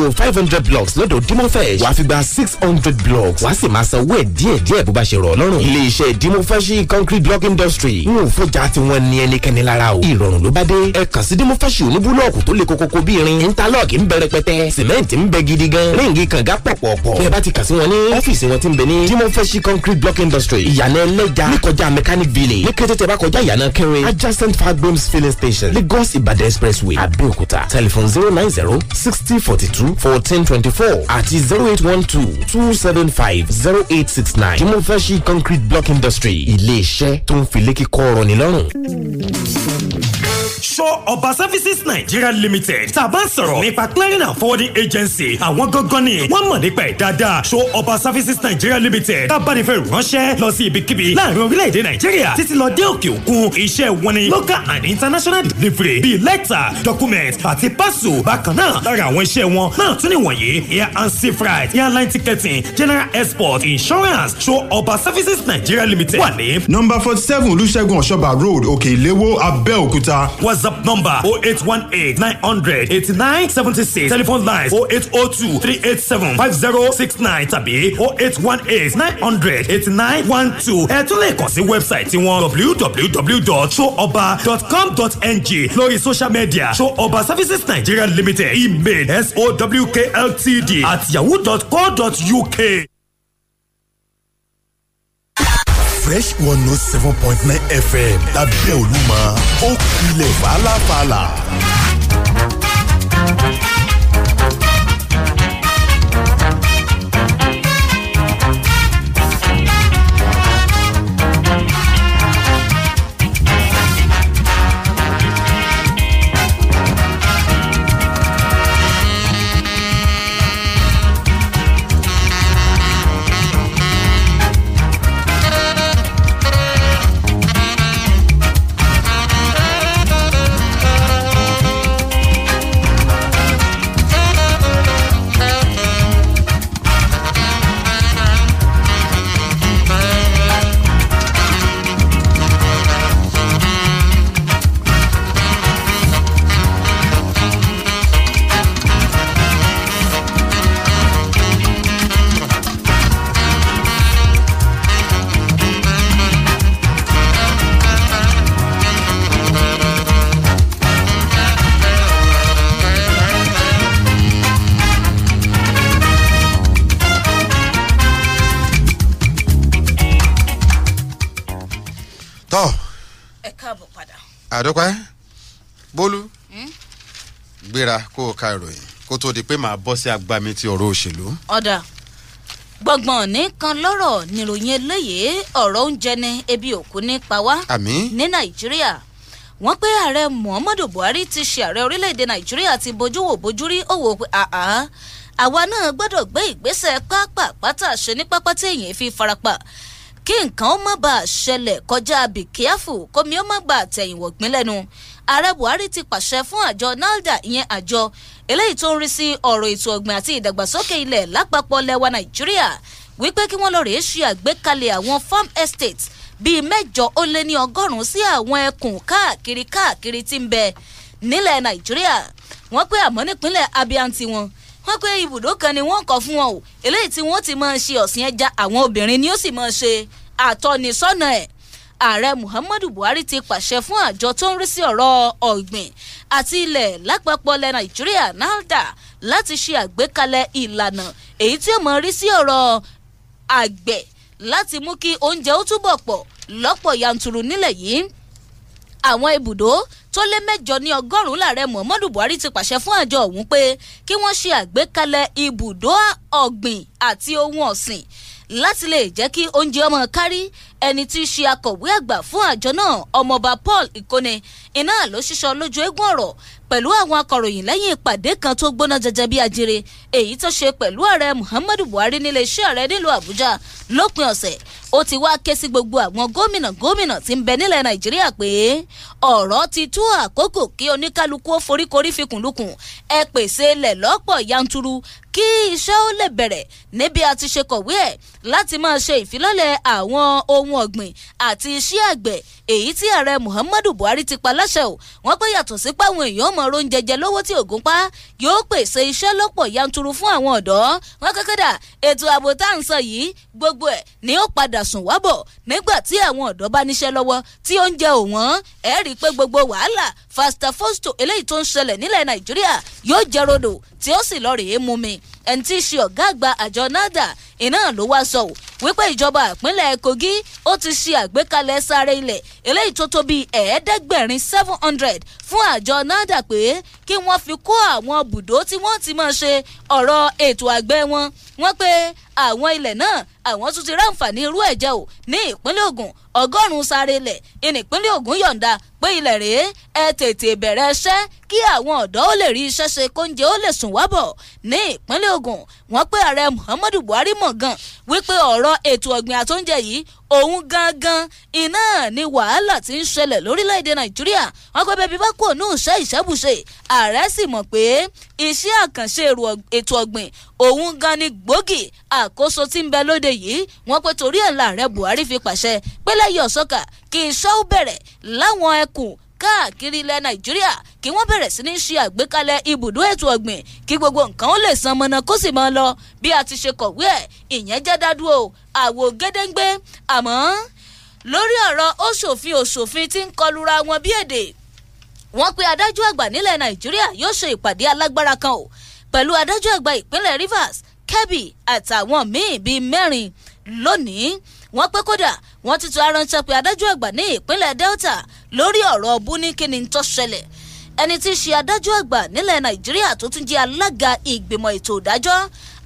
ni five hundred blocks lọ́dọ̀ Dimofresh wàá fi six hundred blocks wàá sì máa sanwó ẹ̀ díẹ̀díẹ̀ bó bá ṣe rọ̀ lọ́rùn ilé concrete block industry fọjà tí wọ́n ní ẹnikẹ́ni lára o. ìrọ̀rùn ló bá dé. ẹ kàn sí dimu fashion ní búlọ̀kù tó le koko bí irin. intalọ́ọ̀kì ń bẹ rẹpẹtẹ. sìmẹ́ǹtì ń bẹ gidi gan. ríǹgì kànga pọ̀pọ̀pọ̀. bẹ́ẹ̀ bá ti kàn sí wọn ní. ọ́fíìsì wọn ti ń bẹ ní. dimu fashion concrete block industry. ìyànà ẹlẹ́ja níkọjá mechanic village. ní kété tẹ bá kọjá ìyànà kẹrin. adjacent ọ̀rọ̀ nílọ́rùn ṣọ́ ọba services nigeria limited tàbá sọ̀rọ̀ nípa clearing and forwarding agency àwọn gangan ni wọ́n mọ̀ nípa ẹ̀ dáadáa ṣọ́ ọba services nigeria limited tábánifẹ́ ránṣẹ́ lọ sí ibikíbi láàrin orílẹ̀-èdè nàìjíríà títí lọ dé òkè òkun iṣẹ́ wọn ni local and international delivery bíi lẹ́tà document àti parcel bákan náà lára àwọn iṣẹ́ wọn náà tún níwọ̀nyí air and sea freight airline ticketing general export insurance ṣọ́ ọba services nigeria limited wà ní. nọ́mbà forty seven olùṣègùn ọ̀ṣọ́bà road òkè ìléwó abẹ́òkúta. whatsapp number oh eight one telephone lines oh eight oh two three eight seven five zero six nine oh kàn sí wẹ́bsáìtì tiwọn www.showoba.com.ng lórí social media showoba services nigeria limited email sowkltd at yahoo.co.uk. Fresh one note oh seven point nine FM lábẹ́ Olúmọ ó kulẹ̀ fàlàfàlà. àdọ́pẹ́ bólú hmm? gbéra kó o ka ìròyìn kó tó di pé màá bọ́ sí agbami ti ọ̀rọ̀ òṣèlú. ọ̀dà gbọ̀ngbọ̀n nìkan lọ́rọ̀ níròyìn eléyìí ọ̀rọ̀ oúnjẹ ni ebi òkú ní pa wá ní nàìjíríà wọ́n pé ààrẹ muhammadu buhari ti ṣe ààrẹ orílẹ̀‐èdè nàìjíríà ti bójú wò bójú rí òwò pé àá àwa náà gbọ́dọ̀ gbé ìgbésẹ̀ pápá pátá ṣe ní pápá tí èèyàn fi farapa kí nǹkan ó má bàa ṣẹlẹ̀ kọjá be careful kómi ó má gbà àtẹ̀yìnwó gbín lẹ́nu ààrẹ buhari ti pàṣẹ fún àjọ nalda ìyẹn àjọ eléyìí tó ń rí sí ọ̀rọ̀ ètò ọ̀gbìn àti ìdàgbàsókè ilẹ̀ lápapọ̀ lẹwa nàìjíríà wípé kí wọ́n lọ rèé ṣe àgbékalẹ̀ àwọn farm estates bíi mẹ́jọ ó lé ní ọgọ́rùn-ún sí àwọn ẹkùn káàkiri káàkiri tí ń bẹ nílẹ̀ nàìjíríà wọ́n pé àmọ́ nípínlẹ̀ abia tiwọn wọ́n pé ibùdó kan ni wọ́n kọ́ fún wọn o eléyìí tí wọ́n ti máa ṣe ọ̀sìn ẹja àwọn obìnrin ni ó sì máa ṣe àtọ́nisọ́nà ẹ̀ ààrẹ muhammadu buhari ti pàṣẹ fún àjọ tó ń rí sí ọ̀rọ̀ ọ̀gbìn àti ilẹ̀ lápapọ̀ ilẹ̀ nàìjíríà nalda láti ṣe àgbékalẹ̀ ìlànà èyí tí ó mọ̀ rí sí ọ̀rọ̀ àgbẹ̀ láti mú kí oúnjẹ ó túbọ̀ pọ̀ lọ́pọ̀ yanturu nílẹ̀ yìí àwọn ibùdó tó lé mẹ́jọ ní ọgọ́rùn-ún làárẹ̀ muhammadu buhari ti pàṣẹ fún àjọ ọ̀hún pé kí wọ́n ṣe àgbékalẹ̀ ibùdó ọ̀gbìn àti ohun ọ̀sìn láti lè jẹ́ kí oúnjẹ ọmọ kárí ẹni tí í ṣe akọ̀wé àgbà fún àjọ náà ọmọọba Paul Ikone iná ló ṣíṣọ lójú eégún ọ̀rọ̀ pẹ̀lú àwọn akọ̀ròyìn lẹ́yìn ìpàdé kan tó gbóná jẹjẹ bí ajere èyí tó ṣe pẹ̀lú ààrẹ Muhammadu Buhari nílé iṣẹ́ ààrẹ nílùú Àbújá lópin ọ̀sẹ̀ ó ti wá ké sí gbogbo àwọn gómìnà gómìnà tí ń bẹ nílẹ̀ Nàìjíríà pé ọ̀rọ̀ ti tó àkókò kí oníkálukú ó foríkorí fikùnlukùn ẹ pèsè ilẹ̀ lọ́pọ̀ yanturu kí iṣẹ́ ó lè bẹ̀rẹ̀ níbi a ti ṣe kọ̀wé ẹ̀ láti máa ṣe ìfilọ́lẹ̀ àwọn ohun ohun ọ̀gbìn àti iṣẹ́ àgbẹ̀ èyí tí ààrẹ Muhammadu Buhari ti pa láṣẹ o wọ́n pé yàtọ̀ sí pé àwọn èèyàn mọ̀ oúnjẹ jẹ lówó tí ògùn pa yóò pèsè iṣẹ́ lọ́pọ̀ yanturu fún àwọn ọ̀dọ́ wọn kékeré ètò ààbò tá à ń sọ yìí gbogbo ẹ̀ ni ó padà sùn wábọ̀ nígbà tí àwọn ọ̀dọ́ bá níṣẹ́ lọ́wọ́ tí oúnjẹ ò wọ́n ẹ̀ rí i pé gbogbo wàhálà fastafosto eléyìí tó ń ṣẹlẹ̀ nílẹ̀ Nàìjíríà yóò jẹ́ rodò tí ó sì lọ rèé mumi ẹni tí í ṣe ọ̀gá àgbà àjọ NADA iná ló wá sọ ò wípé ìjọba ìpínlẹ̀ Kogi ó ti ṣe àgbékalẹ̀ sáré ilẹ̀ eléyìí tó tó ẹ̀ẹ́dẹ́gbẹ̀rin seven hundred fún àjọ NADA pé kí wọ́n fi kó àwọn bùdó tí wọ́n ti máa ṣe ọ̀rọ̀ ètò àgbẹ̀ wọn wọ́n pé àwọn ilẹ̀ náà àwọn tún ti ráǹfààní irú ẹ̀ ò ní ìpínlẹ̀ Ògùn ọgọ́rùn-ún sáré lẹ̀ ìnìpínlẹ̀ Ògùn yọ̀ǹda pé ilẹ̀ rèé ẹ tètè bẹ̀rẹ̀ iṣẹ́ kí àwọn ọ̀dọ́ ó lè rí iṣẹ́ ṣe kóúnjẹ ó lè sùn wábọ̀ ní ìpínlẹ̀ Ògùn wọ́n pé ààrẹ Muhammadu Buhari mọ̀ wípé ọ̀rọ̀ ètò ọ̀gbìn àtóúnjẹ yìí òun gangan iná ni wàhálà ti ń ṣẹlẹ̀ lórílẹ̀‐èdè nàìjíríà wọn pé bẹ́ẹ̀ bá kò ní ìṣe ìṣẹ́bùṣe ààrẹ sì mọ̀ pé iṣẹ́ àkànṣe ètò ọ̀gbìn òun gan ni gbòógì àkóso tí ń bẹ lóde yìí wọn pé torí ẹ̀ làárẹ̀ buhari fi pàṣẹ pé lẹ́yìn ọ̀sọ́kà kí iṣẹ́ ó bẹ̀rẹ̀ láwọn ẹkùn káàkiri ilẹ̀ nàìjíríà kí wọ́n bẹ̀rẹ̀ sí ní ṣe àgbékalẹ̀ ibùdó ètò ọ̀gbìn kí gbogbo nǹkan ó lè san mọ́nà kó sì mọ́ lọ bí a ti ṣe kọ̀wé ẹ̀ ìyẹn jẹ́ dádúró àwo gédéǹgbé àmọ́ lórí ọ̀rọ̀ òṣòfin òṣòfin tí ń kọlura wọn bí èdè wọ́n pe adájọ́ àgbà nílẹ̀ nàìjíríà yóò ṣe ìpàdé alágbára kan o pẹ̀lú adájọ́ àgbà ìpínlẹ̀ rivers kebbi àtàwọn míì bíi mẹ́rin lónìí wọ́n pé kódà wọ́n ti tún aránṣẹ́ pé adájọ́ àgbà ní ìpínlẹ̀ delta lórí ọ̀rọ̀ búníkíni tó ṣẹlẹ̀ ẹni tí í ṣe adájọ́ àgbà nílẹ̀ nàìjíríà tó tún jẹ́ alága ìgbìmọ̀ ètò ìdájọ́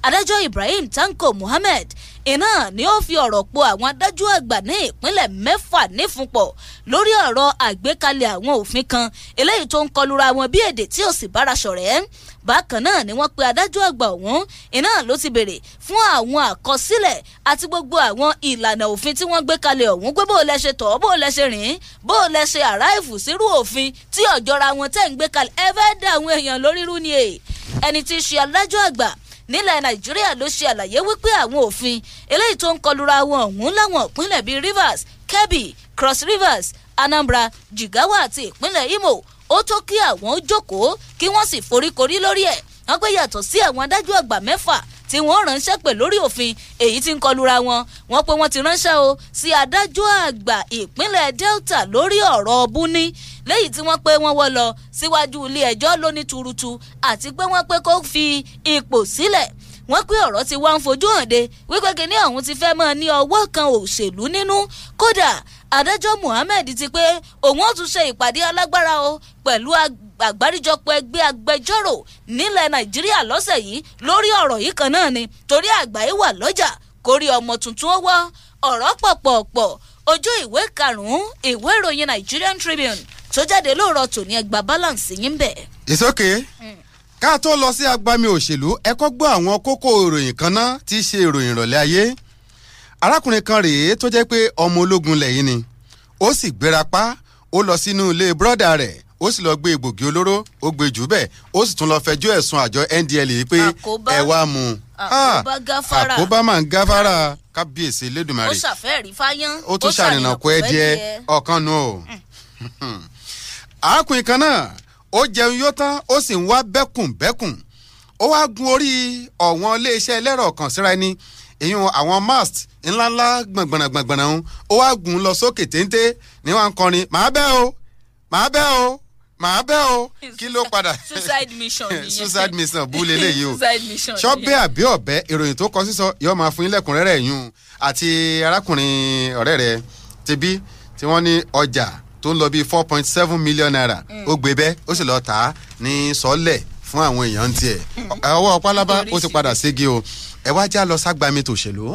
adájọ́ ibrahim tanko muhammed iná ni ó fi ọ̀rọ̀ po àwọn adájọ́ àgbà ní ìpínlẹ̀ mẹ́fà nífunpọ̀ lórí ọ̀rọ̀ àgbékalẹ̀ àwọn òfin kan eléyìí tó ń kọlura wọn bí èdè tí ò sì bára ṣọ̀rẹ́ bákan náà ni wọ́n pe adájọ́ àgbà ọ̀hún iná ló ti béèrè fún àwọn àkọsílẹ̀ àti gbogbo àwọn ìlànà òfin tí wọ́n gbé kalẹ̀ ọ̀hún pé bó o lẹ ṣe tọ̀ bó o lẹ ṣe rìn bó o lẹ ṣe àráìfù sírú òfin tí ọ̀jọ̀ra wọn tẹ̀ ń gbé kalẹ̀ ẹ fẹ́ dá àwọn èèyàn lórí rú ni èyí ẹni tí í ṣe adájọ́ àgbà nílẹ̀ nàìjíríà ló ṣe àlàyé wípé àwọn òfin eléyìí tó ń kọlura wọn ọ̀hún láwọn ìpínlẹ̀ bíi rivers kebbi cross rivers anambra jigawa àti ìpínlẹ̀ imo ó tó kí àwọn jókòó kí wọ́n sì foríkorí lórí ẹ̀ wọ́n pé yàtọ̀ sí àwọn adájọ́ àgbà mẹ́fà tí wọ́n ránṣẹ́ pè lórí òfin èyí tí ń kọlura wọn wọ́n pé wọ́n ti ránṣẹ́ o sí adájọ́ àgbà ìpínlẹ̀ Delta lórí ọ̀rọ̀ búni lẹ́yìn tí wọ́n pé wọ́n wọ́ lọ síwájú ilé ẹjọ́ lóní tuurutu àti pé wọ́n pé kó fi ipò sílẹ̀ wọ́n pé ọ̀rọ̀ ti wá ń fojú hàn de wípé kínní ọ̀hún ti fẹ́ máa ní ọwọ́ kan òṣèlú nínú kódà adájọ́ Muhammed ti pé òun ó tún ṣe ìpàdé alágbára o pẹ̀lú àgbáríjọpọ̀ ẹgbẹ́ agbẹjọ́rò nílẹ̀ Nàìjíríà lọ́sẹ̀ yìí lórí ọ̀rọ̀ yìí kan náà ni torí àgbáyé wà lọ́jà kórí ọmọ tuntun ó wá ọ̀rọ̀ pọ̀pọ̀pọ̀ ojú ìwé karùn-ún ìwé ìròyìn Nigerian Tribune tó jáde lóòrọ̀ tòní ẹgbàá balance yín bẹ̀. ìsókè ká tó lọ sí agbami òṣèlú ẹ kọ́ àwọn kókó ìròyìn kan náà tí í ṣe ìròyìn ìrọ̀lẹ́ ayé arákùnrin kan rèé tó jẹ́ pé ọmọ ológun lẹ́yìn ni ó sì gbéra pa ó lọ sínú ilé bírọ́dà rẹ̀ ó sì lọ gbé egbògi olóró ó gbé jù bẹ́ẹ̀ ó sì tún lọ fẹjọ́ ẹ̀sùn àjọ NDLEA pé ẹ wá mu ah, àkóbá máa ń gáfárà kábíyèsí lẹ́dùnmarè ó tún ṣàrìnà kó ẹ díẹ̀ ọ̀kan nù o. arákùnrin kan náà ó jẹun yó tán ó sì ń wá bẹ́kùnbẹ́kùn ó wá gun orí ọ̀wọ́n iléeṣẹ́ ẹlẹ́rọ kan síra ẹni ìyún àwọn mast ńláńlá gbọ̀ngbọ̀nà ń ó wá gùn lọ sókè téńté ní wọn kọrin màá bẹ́ o màá bẹ́ o màá bẹ́ o kí ló padà suicide mission nìyẹn suicide mission bú leléyìí o ṣọ́bẹ́ àbí ọ̀bẹ ìròyìn tó kọ sísọ yóò máa fún ilẹ̀kùnrẹ́rẹ́ yún àti arákùnrin ọ̀rẹ́ rẹ̀ tibí tí wọ́n ní ọjà tó ń lọ bíi four point seven million naira mm. ó gbé bẹ́ ó sì lọ tà ní sọ́lẹ̀ fún àwọn èèyàn tiẹ̀ mm. ọwọ́ pálábá ó ti padà ségi o ẹ wá já lọ ságbami tòṣèlú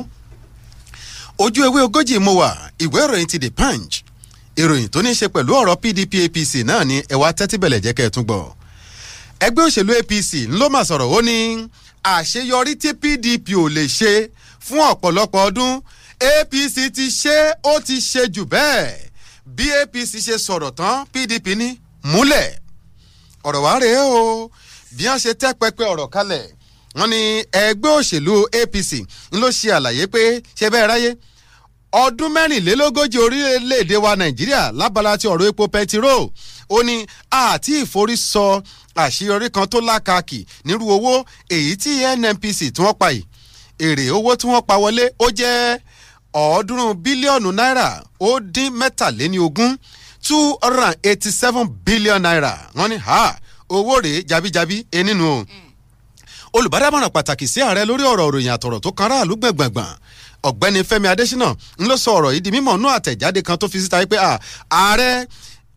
ojú ewé ogójì mo wà ìwé ìròyìn ti the punch ìròyìn tó ní í ṣe pẹ̀lú ọ̀rọ̀ PDP APC náà ni ẹ wá tẹ́tí bẹ̀lẹ̀ jẹ́ kẹ́ ẹ tún gbọ́ ẹgbẹ́ òṣèlú APC ló mà sọ̀rọ̀ ó ní àṣeyọrí tí PDP ò lè ṣe fún ọ̀pọ̀lọpọ̀ ọdún APC ti ṣe ó ti ṣe jù bẹ́ẹ̀ bí APC ṣe sọ̀rọ̀ tán PDP ní múlẹ̀ ọ̀rọ̀ wá rèé o bí wọ́n ṣe tẹ́ pẹpẹ ọ̀rọ̀ kalẹ̀ wọ́n ní ẹgbẹ́ òṣèlú apc ń ló ṣe àlàyé pé ṣe bẹ́ẹ̀ ráyé ọdún mẹ́rìnlélógójì orílẹ̀-èdè wa nàìjíríà lábala ti ọ̀rọ̀ epo pẹtiró ó ní àti ìforísọ àṣeyọrí kan tó lákàkì nírú owó èyí tí nnpc tí wọ́n pa yìí èrè owó tí wọ́n pa wọlé ó jẹ́ ọ̀ọ́dúnrún bílíọ̀nù náírà ó dín mẹ́tàléní ogún two hundred and eighty seven billion naira wọ́n ní owó rèé jabijabi enínú o. Mm olùbádámọ̀ràn pàtàkì sí ààrẹ lórí ọ̀rọ̀ òròyìn àtọ̀rọ̀ tó kan aráàlú gbẹ̀ngbẹ̀ngbọ̀n ọ̀gbẹ́ni Fẹ́mi Adésínà ń ló sọ ọ̀rọ̀ yìí di mímọ̀ nú àtẹ̀jáde kan tó fi síta pé ààrẹ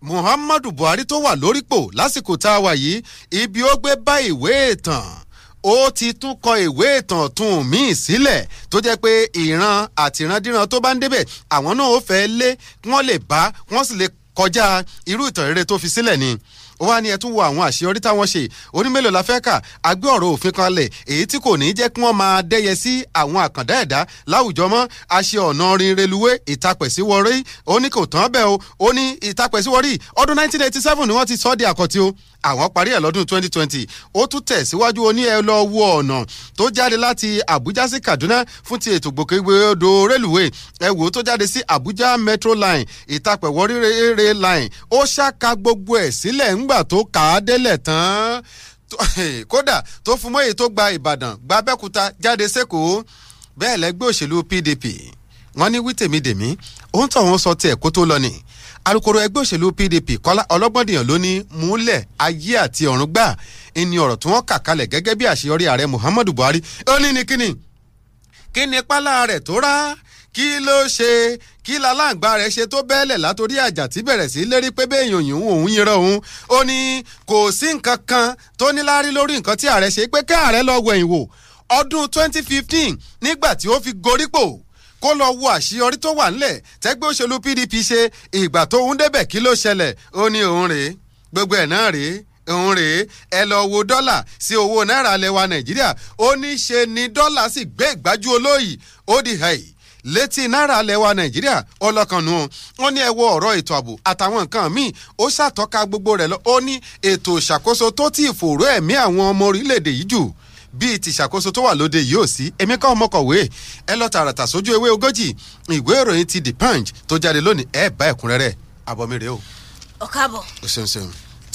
Muhammadu Buhari tó wà lórípò lásìkò tá a wà yìí ibi ó gbé bá ìwé ìtàn ó ti tún kọ ìwé ìtàn tún míì sílẹ̀ tó jẹ́ pé ìran àtìrandíran tó bá ń débẹ̀ àwọn náà ó fẹ́ lé wọ́n lè bá wọ́n sì lè kọjá irú ìtàn rere tó fi sílẹ̀ ni ó wá ní ẹ tún wo àwọn àṣeyọrí táwọn ṣe orí mélòó la fẹ́ kà á gbé ọ̀rọ̀ òfin kan lẹ̀ èyí tí kò ní jẹ́ kí wọ́n máa dẹ́yẹ sí àwọn àkàndá ẹ̀dá láwùjọ mọ́ a ṣe ọ̀nà rin reluwé ìtapẹ̀síwọrí ó ní kò tán bẹ́ẹ̀ o ó ní ìtapẹ̀síwọrí ọdún 1987 ni wọ́n ti sọ ọ́ di àkọ́tí o àwọn parí ẹ̀ lọ́dún 2020 ó tún tẹ̀síwájú ó ní ẹ lọ wo ọ̀nà tó jáde láti Àbújá sí Kaduna fún ti ètò gbòkègbodò rélùwé ẹ wò ó tó jáde sí Àbújá metro line ìtapẹ̀wọ́rí rere line ó ṣàka gbogbo ẹ̀ sílẹ̀ ń ńgbà tó kà á délẹ̀ tán kódà tó fún mọ́ èyí tó gba ìbàdàn gba abẹ́kúta jáde sẹ́kọ̀ọ́ bẹ́ẹ̀ lẹ́gbẹ́ òṣèlú pdp wọ́n ní wí tèmídèmí òun tó àwọn sọ tiẹ̀ kó tó lọ ni alukoro ẹgbẹ́ òṣèlú pdp kọ́lá ọlọ́gbọ́ndìyàn ló ní múlẹ̀ ayé àti ọ̀run gbà ìní ọ̀rọ̀ tí wọ́n kà kalẹ̀ gẹ́gẹ́ bí àṣeyọrí ààrẹ muhammadu buhari ó ní ní kíni kíni pálá rẹ̀ tó rá kí ló ṣe kí làlágbá rẹ̀ ṣe tó bẹ́ẹ̀lẹ̀ látòrí àjà tí bẹ̀rẹ̀ sí lérí pé bẹ́ẹ̀ yòyìn òun yìí rán òun ó ní kò sí nǹkan kan tó ní láárí lórí nǹkan tí ààrẹ ṣe pé káàrẹ lọ wẹ̀yìn wò ọdún 2015 nígbà tí ó fi gorípò kó lọ wo àṣeyọrí tó wà ńlẹ̀ tẹ́gbẹ́ òṣèlú PDP ṣe ìgbà tó ń débẹ̀ kí ló ṣẹlẹ̀ ó ní òun rèé gbogbo ẹ̀ náà rèé òun rèé ẹ lọ wo dọ́là sí owó náírà lẹwa Nàìjíríà ó ní ṣe ni dọ́là sì gbé ìgbájú olóyìí ó di hẹ́yì létí náírà lẹwa nàìjíríà ọlọ́kànnù wọn ní ẹ wo ọ̀rọ̀ ètò ààbò àtàwọn nǹkan míì ó ṣàtọ́ka gbogbo rẹ̀ lọ ó ní ètò ìṣàkóso tó ti fòró ẹ̀mí àwọn ọmọ orílẹ̀-èdè yìí jù bíi tìṣàkóso tó wà lóde yìí ò sí èmi kọ́ ọmọkọ̀wé ẹ lọ tààràtà sójú ewé ogójì ìwé ìròyìn ti the punch tó jáde lónìí ẹ bá ẹ̀kúnrẹ́rẹ́ àbọ̀mí rèé o. ọ̀kábọ̀.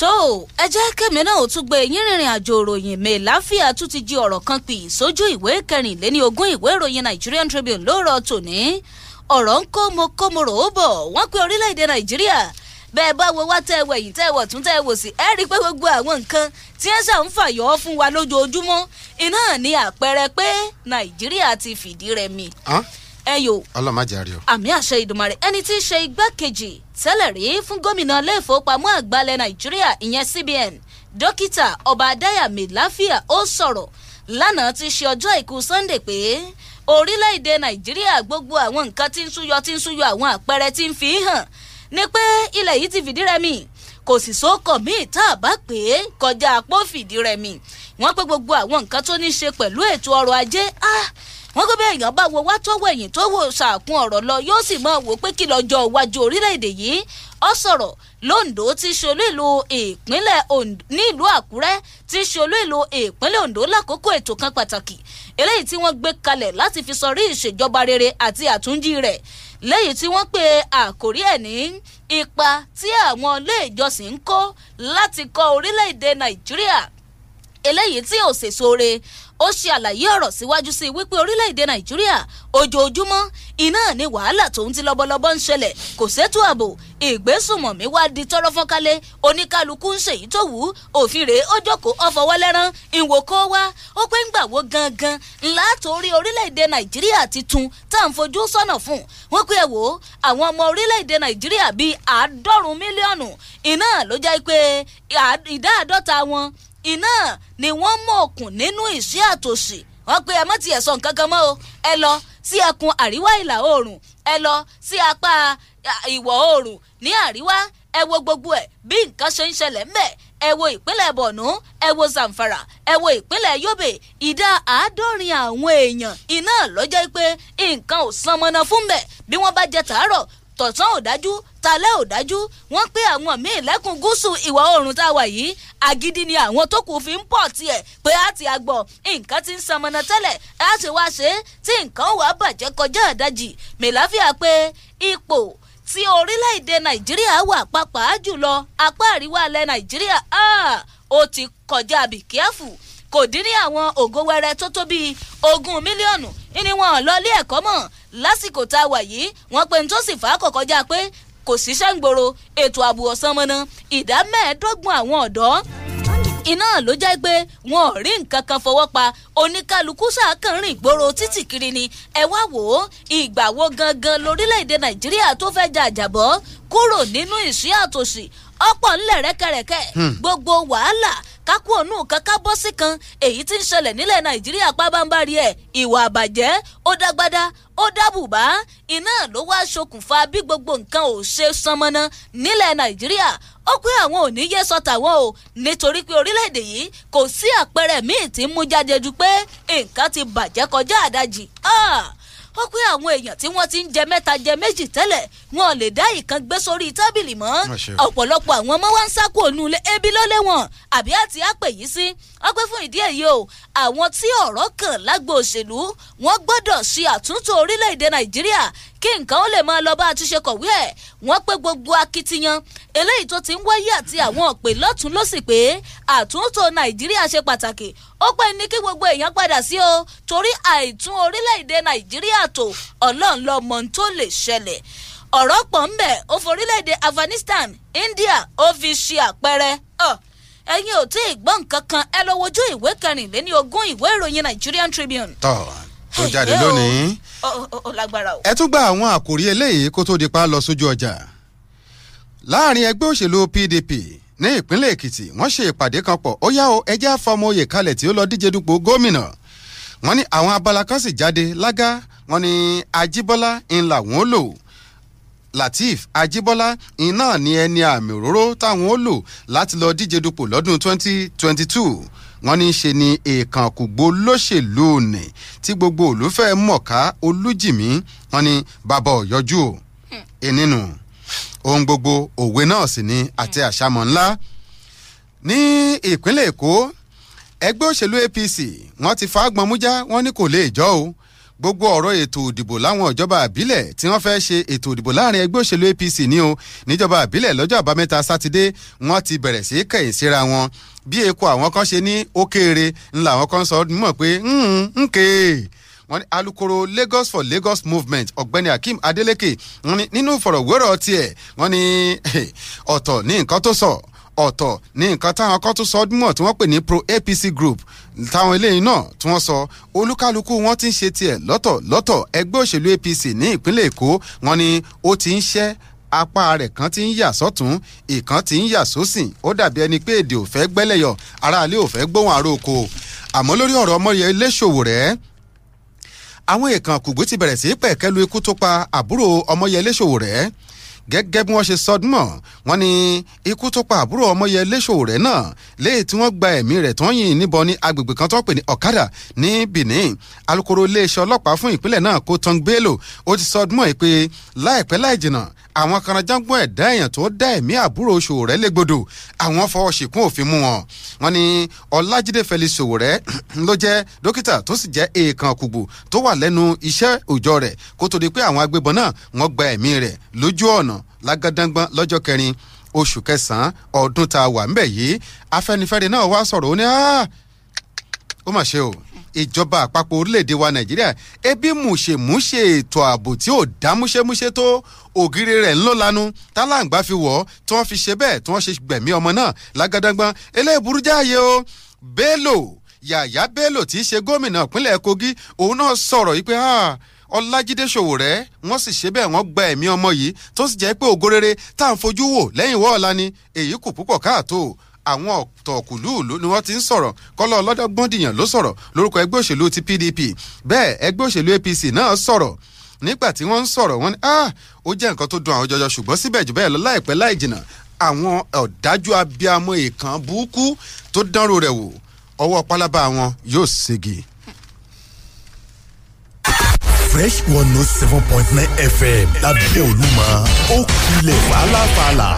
tó o ẹ jẹ́ kẹ́mi náà ó tún gbé yín rìnrìn àjò ìròyìn mẹ́láfíà tún ti di ọ̀rọ̀ kan pì sójú ìwé kẹrìnléní ogún ìwé ìròyìn Nigerian Tribune lóòrọ̀ tòní ọ̀rọ̀ ń kó mo kó mo rò ó bọ̀ wọ́n pe orílẹ̀-èdè Nàìjíríà bẹ́ẹ̀ bá wo wá tẹ́ ẹ wẹ̀yìn tẹ́ ẹ wọ̀ tún tẹ́ ẹ wò sí ẹ rí i pé gbogbo àwọn nǹkan tí ẹ ṣà ń fàyọ̀ ọ́ fún wa lójoojúmọ́ iná ní àpẹẹrẹ pé Nàìjíríà ti fìdí rẹmi. ẹyọ. ọlọ́run má jàre o. àmì àṣẹ ìdùmarè ẹni tí í ṣe igbákejì tẹ́lẹ̀ rí fún gómìnà ilé ìfowópamọ́ àgbàlẹ̀ nàìjíríà ìyẹn cbn dókítà ọba adáyàmí láfíà ó sọ̀rọ̀ lánàá ti ṣe ọjọ́ àìkú sunday pé orílẹ̀-èdè nàìjíríà gbogbo àwọn nǹkan tí ń súyọ tí ń súyọ àwọn àpẹẹrẹ tí ń fi hàn ni pé ilẹ̀ yìí ti fìdí rẹmi kò sì sókàn míì tá a bá pè é kọjá àpò fìdí rẹmi wọ́n pé gbogbo àwọn nǹkan tó ní ṣe pẹ̀lú ètò ọrọ̀ ajé ah wọ́n gbé bẹ́ẹ̀ èèyàn bá wo wá tọ́wọ́ ẹ̀yìn tó wò sàkún ọ̀rọ̀ lọ yóò sì máa wò pé kí lọ́jọ́ iwájú orílẹ̀-èdè yìí ó sọ̀rọ̀ londo ti ṣolú ìlú ìpínlẹ̀ Ondo ní ìlú Àkúrẹ́ ti ṣolú ìlú ìpínlẹ̀ Ondo lákòókò ètò kan pàtàkì eléyìí tí wọ́n gbé kalẹ̀ láti fi sọrí ìṣèjọba rere àti àtúnjí rẹ̀ lẹ́yìn tí wọ́n pe àkórí ẹ̀ ní ipa tí àwọn ilé ìjọsìn ń kó láti kọ́ orílẹ̀-èdè Nàìjíríà eléyìí tí ò sèso re ó ṣe àlàyé ọ̀rọ̀ síwájú sí i wípé orílẹ̀-èdè nàìjíríà ojoojúmọ́ iná ní wàhálà tòun ti lọ́bọ̀lọ́bọ̀ ń ṣẹlẹ̀ kò sétú ààbò ìgbésùnmọ̀mí wá di tọ́rọ́ fọ́nkálẹ̀ oníkálukú ń ṣèyí tó wù ú òfin rèé ó jókòó ọ̀fọ̀wọ́lẹ́rán ìwò kó wá ó pé ń gbàwó gangan látòrí orílẹ̀-èdè nàìjíríà titun tá à ń fojú sọ́nà fún wọn pé ẹ wò ó àwọn ọmọ orílẹ̀-èdè nàìjíríà bíi àádọ́rùn-ún mílíọ̀nù iná ló jẹ́ pé ìdá àádọ́ta wọn iná ni wọ́n mọ̀ òkùn nínú ìṣí àtòṣì wọ́n pe ẹ mọ́ tiẹ̀ sọ nǹkan kan mọ́ o ẹ lọ sí ẹkùn àríwá ìlà oòrùn ẹ lọ sí apá ìwọ̀ oòrùn ní àríwá ẹ wo gbogbo ẹ bí nǹkan ṣe ń ṣẹlẹ̀ ńbẹ̀ ẹ wo ìpínlẹ̀ bọ̀nú ẹ wo zamfara ẹ wo ìpínlẹ̀ yobe ìdá àádọ́rin àwọn èèyàn iná ló pé nǹkan ò san fún bẹ̀ bí wọ́n bá jẹ tàárọ̀ tọ̀sán ò dájú talẹ́ ò dájú wọ́n pé àwọn míì lẹ́kùn gúúsù ìwọ̀ oòrùn tá a wà yìí agídí ni àwọn tó kù fi ń pọ̀ tiẹ̀ pé á ti àgbọ̀ nǹkan ti ń san mọ́nà tẹ́lẹ̀ a ti wá ṣe é tí nǹkan wà bàjẹ́ kọjá àdájì mẹ́láfíà pé ipò tí orílẹ̀-èdè nàìjíríà wà pàápàá jùlọ apá àríwá alẹ́ nàìjíríà ah, ó ti kọjá bìkẹ́fù kò dín ní àwọn ògo wẹrẹ tó tó bíi ogún mílíọ̀nù ni wọn lọ ilé ẹ̀kọ́ mọ̀ lásìkò tá a wà yìí wọ́n pe n tó sì fà á kọ̀kọ́já pé kò síṣẹ́ ń gbòòrò ètò ààbò ọ̀sán mọ́ná ìdá mẹ́ẹ̀ẹ́dọ́gbọ̀n àwọn ọ̀dọ́ iná ló jẹ́ pé wọn ò rí nǹkan kan fọwọ́ pa oníkálukú sàkànrìn ìgboro títì kiri ni ẹ wá wò ó ìgbà wo gangan lórílẹ̀‐èdè nàìjíríà tó fẹ́ jà àjàbọ́ kúrò nínú ìṣí àtòṣì ọ̀pọ̀ ńlẹ̀ rẹ́kẹ̀rẹ́kẹ̀ hmm. gbogbo wàhálà kákú ònú kankan bọ́ sí kan èyí tí ń ṣẹlẹ̀ nílẹ̀ nàìjíríà pábánbárì ẹ̀ ìwà àbàjẹ́ ó dágbádá ó dábùbá iná ló wá ṣokùnfà bí gbogbo nǹkan ò ṣe sanmọ́nà nílẹ̀ nàìjíríà ó pé àwọn ò ní yé sọ tàwọn o nítorí pé orílẹ̀-èdè yìí kò sí àpẹẹrẹ míì tí ń mú jáde ju pé nǹkan ti bàjẹ́ kọjá àdájì. Ah! ó pé àwọn èèyàn tí wọ́n ti ń jẹ mẹ́ta jẹ méjì tẹ́lẹ̀ wọn lè dá ìkan gbé sórí tábìlì mọ́ ọ̀pọ̀lọpọ̀ àwọn ọmọ wa ń sá kúrò nù ebi ló wọn àbí àti àpè yìí sí ó fún ìdí èyí o àwọn tí ọ̀rọ̀ kàn lágbo òṣèlú wọ́n gbọ́dọ̀ ṣe àtúntò orílẹ̀-èdè nàìjíríà kí nǹkan ó lè máa lọ bá a ti ṣe kọ̀wé ẹ̀ wọ́n pé gbogbo akitiyan eléyìí tó ti ń wáyé àti àwọn òpè lọ́tún ló sì pé àtúntò nàìjíríà ṣe pàtàkì ó pé ní kí gbogbo èèyàn padà sí o torí àìtún orílẹ̀-èdè nàìjíríà tó ọlọ́run lọ mọ̀ tó lè ṣẹlẹ̀ ọ̀rọ̀ pọ̀ ń bẹ̀ ó forílẹ̀-èdè afghanistan india ó fi ṣe àpẹẹrẹ ẹ̀yin ò tí ì gbọ́ nǹkan kan ẹ lọ wojú ìwé kẹrìnléní ogún ìwé ìròyìn nigerian tribune. tọ́ọ̀ tó jáde lónìí. ẹ tún gba àwọn àkòrí eléyìí kó tó di pa lọ sójú ọjà. láàrin ẹgbẹ́ òṣèlú PDP ní ìpínlẹ̀ Èkìtì wọ́n ṣe ìpàdé kan pọ̀ ó yá o ẹjẹ́ àfọmọ oyè kalẹ̀ tí ó lọ díje dupò gómìnà wọ́n ní àwọn abala kan sì jáde lágá wọ́n ní Ajíbọ́lá ńlá wọn lò Latif ajibola iná ni ẹni àmì òróró táwọn ó lò láti lọ díje dupò lọ́dún two wọ́n ní í ṣe ni èèkànkùgbó lóṣèlú òní tí gbogbo olùfẹ́ mọ̀ká olújìmí wọ́n ní bàbá ọ̀yọ́jú o ìnínú hmm. ohun gbogbo òwe náà sì ni àti hmm. àṣàmọ̀ ńlá ní ìpínlẹ̀ èkó ẹgbẹ́ òṣèlú apc wọ́n ti fàágbọ́n mújá wọ́n ní kò lè jọ́ o gbogbo ọ̀rọ̀ ètò òdìbò láwọn ìjọba àbílẹ̀ tí wọ́n fẹ́ ṣe ètò òdìbò láàrin ẹgbẹ́ òṣèlú apc ní o níjọba àbílẹ̀ lọ́jọ́ àbámẹ́ta sátidé wọ́n ti bẹ̀rẹ̀ sí kẹ̀yìn síra wọn bí èkó àwọn kan ṣe ní ó kéré ńlá àwọn kan sọ mọ̀ pé ńkè hmm, wọ́n ní alukoro Lagos for Lagos Movement ọ̀gbẹ́ni Akeem Adeleke wọ́n ni nínú ìfọ̀rọ̀wérọ̀ tiẹ̀ wọ́n ni ọ̀tọ̀ ní nǹkan tó sọ ọ̀tọ̀ ní nǹkan táwọn kan tó sọ ọdún mọ̀ tí wọ́n pè ní pro APC group táwọn eléyìí náà tí wọ́n sọ olúkálukú wọn ti ń ṣe tiẹ̀ lọ́tọ̀ lọ́tọ̀ ẹgbẹ́ òṣèlú APC ní ìpínlẹ̀ Èkó wọ́n ní ó ti ń ṣẹ́ apá rẹ̀ kan ti ń yà sọ́tún ìkan ti ń yà sósìn ó dàbí ẹni pé èdè ò fẹ́ gbẹ́lẹ̀yọ̀ aráalé ò fẹ́ gbóhùn àròkọ àmọ́ lórí ọ̀rọ̀ ọmọyẹlé Sowore àwọn èèkàn kùgbù ti bẹ̀rẹ̀ sí pẹ̀kẹ́lu ikú tó pa àbúrò ọmọyẹlé Sowore gẹ́gẹ́ bí wọ́n ṣe sọdúnmọ̀ wọ́n ní ikú tó pa àbúrò ọmọyẹlé Sowore náà léyìí tí wọ́n gba ẹ̀mí rẹ̀ tó ń yìn níbọn ní agbègbè kan tó ń pè ní ọ̀kadà ní Benin alukoro iléeṣẹ́ ọlọ́pàá fún ìpínlẹ̀ náà kó tán gbélò ó ti sọdúnmọ̀ pé láìpẹ́ láì jìnnà àwọn kanajágbọ́n ẹ̀dá èèyàn tó dá ẹ̀mí àbúrò Sowore légbodò àwọn fọwọ́ ṣìkún òfin mú wọn. wọ́n ní Ọlájídé Fẹ́lí Sowore ló jẹ́ dókítà tó sì jẹ́ èèkàn kùgbù tó wà lẹ́nu iṣẹ́ òòjọ́ rẹ̀ kó tó di pé àwọn agbébọn náà wọ́n gba ẹ̀mí rẹ̀ lójú ọ̀nà lágádángbọ́n lọ́jọ́ kẹrin oṣù kẹsànán ọdún tá a wà ńbẹ̀ yìí Afẹ́nifẹ́re náà wá sọ̀rọ̀ ó ní ó mà ṣe o ìjọba àpapọ̀ orílẹ̀-èdè wa nàìjíríà ebi mùṣèmùṣe ètò ààbò tí ò dá múṣẹ́múṣẹ́ tó ògiri rẹ̀ ńlọ lanu tálàǹgbá fi wọ̀ ọ́ tí wọ́n fi ṣe bẹ́ẹ̀ tí wọ́n ṣe gbẹ̀mí ọmọ náà lágádángbọ́n eléyìí burú jáàyè o bello yàyà bello tí í ṣe gómìnà ìpínlẹ̀ kogi òun náà sọ̀rọ̀ yìí pé ọlájídé ṣòwòrẹ wọn sì ṣe bẹ́ẹ̀ wọn gba ẹ̀mí ọmọ yìí tó sì jẹ́ pé ògo rere tá à ń fojú wò lẹ́yìn wọọla ni èyí kù púpọ̀ káàtó àwọn ọ̀tọ̀ kùlùlù ni wọ́n ti ń sọ̀rọ̀ kọ́lọ́ ọlọ́dọ́gbọ́ndìyàn ló sọ̀rọ̀ lórúkọ ẹgbẹ́ òṣèlú ti pdp bẹ́ẹ̀ ẹgbẹ́ òṣèlú apc náà sọ̀rọ̀ nígbà tí wọ́n ń sọ̀rọ̀ wọ́n ní ah, ó jẹ́ nǹkan tó dùn àwọn jọjọ ṣùgbọ́n síbẹ̀ jù bẹ́ẹ̀ lọ láìpẹ́ láì jìnnà àwọn ọ̀dájú abiyamọ èèkàn burúkú tó dánrò rẹ̀ wò ọwọ́ pálábá wọn yóò ségi. fresh one note oh seven point nine fm lábẹ́ olúmọ ó kilẹ̀ fàlàfàlà.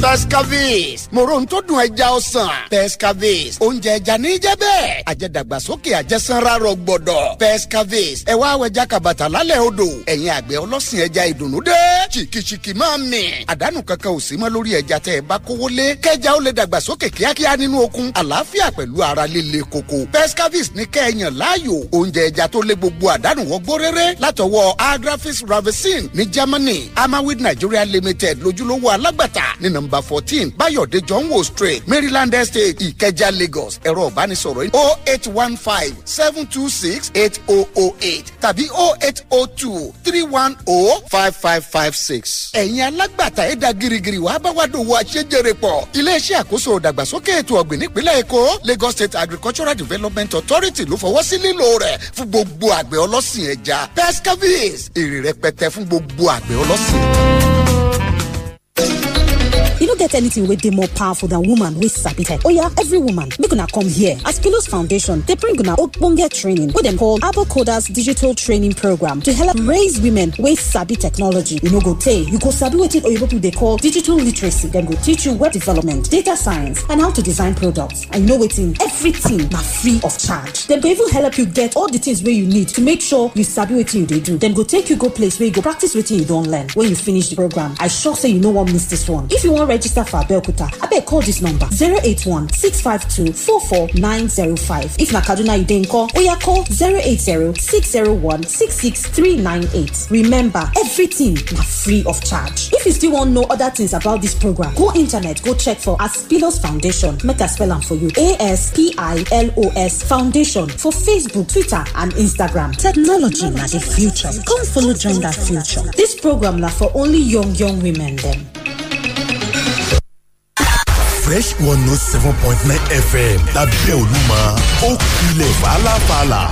pescavis moronto dùn ẹja ọsàn pescavis oúnjẹ ẹja ní jẹ bẹ́ẹ̀ àjẹdàgbàsókè àjẹsánra rọ gbọ́dọ̀ pescavis ẹ wá wẹja kàbàtà lálẹ́ odò ẹ̀yin àgbẹ̀ ọlọ́sìn ẹja ìdùnnú dé chìkìchìkì máa mì àdánù kankan ò sí mọ́ lórí ẹja tẹ́ ẹ bá kówó lé kẹja ó lè dàgbàsókè kíákíá nínú okun àlàáfíà pẹ̀lú ara líle koko pescavis ní kẹ́ẹ̀yàn láàyò oúnjẹ ẹja tó lé gbogbo àdánù wọgbó rere látọwọ́ agrafis ravicin ní Germany amawid Nigeria limited lójúlówó alágbàtà ní nàmb Number fourteen Bayọ̀dé Johnwo Street Maryland Estate Ìkẹjà Lagos ẹ̀rọ ìbánisọ̀rọ̀ o oh eight one five seven two six eight o oh o oh eight tàbí o eight o two three one o five five five six. ẹ̀yin alágbàtà ẹ̀dá girigiri wàá bá wá dòwò àṣejèrè pọ̀ iléeṣẹ́ àkóso ìdàgbàsókè ètò ọ̀gbìn nípínlẹ̀ Èkó Lagos State Agricultural Development Authority ló fọwọ́ sí lílo rẹ̀ fún gbogbo àgbẹ̀ ọlọ́sìn ẹja pescavis èrè rẹpẹtẹ fún gbogbo àgbẹ̀ ọlọ́sìn. get anything with the more powerful than woman with sabi tech yeah, every woman We gonna come here as pilos foundation They bring una ogbonge training wey them call abo coders digital training program to help raise women with sabi technology you know, go tey you go sabi wetin oyibo people they call digital literacy Then go teach you web development data science and how to design products and you know in everything na free of charge Then go even help you get all the things where you need to make sure you sabi what you dey do Then go take you go place where you go practice wetin you don't learn when you finish the program i sure say you no wan miss this one if you to register register for Abeokuta. Abeg call this number 081 652 44905. If na Kaduna you dey call, oya call 080 601 66398. Remember, everything na free of charge. If you still wan know other things about this program, go internet go check for Aspilos Foundation. Make a spell am for you. A-S-P-I-L-O-S Foundation for Facebook, Twitter and Instagram. Technology na the future. Come follow join that future. This program na for only young young women dem fresh one note oh seven point nine fm lábẹ́ Olúmọ ó kulẹ̀ fàlàfàlà.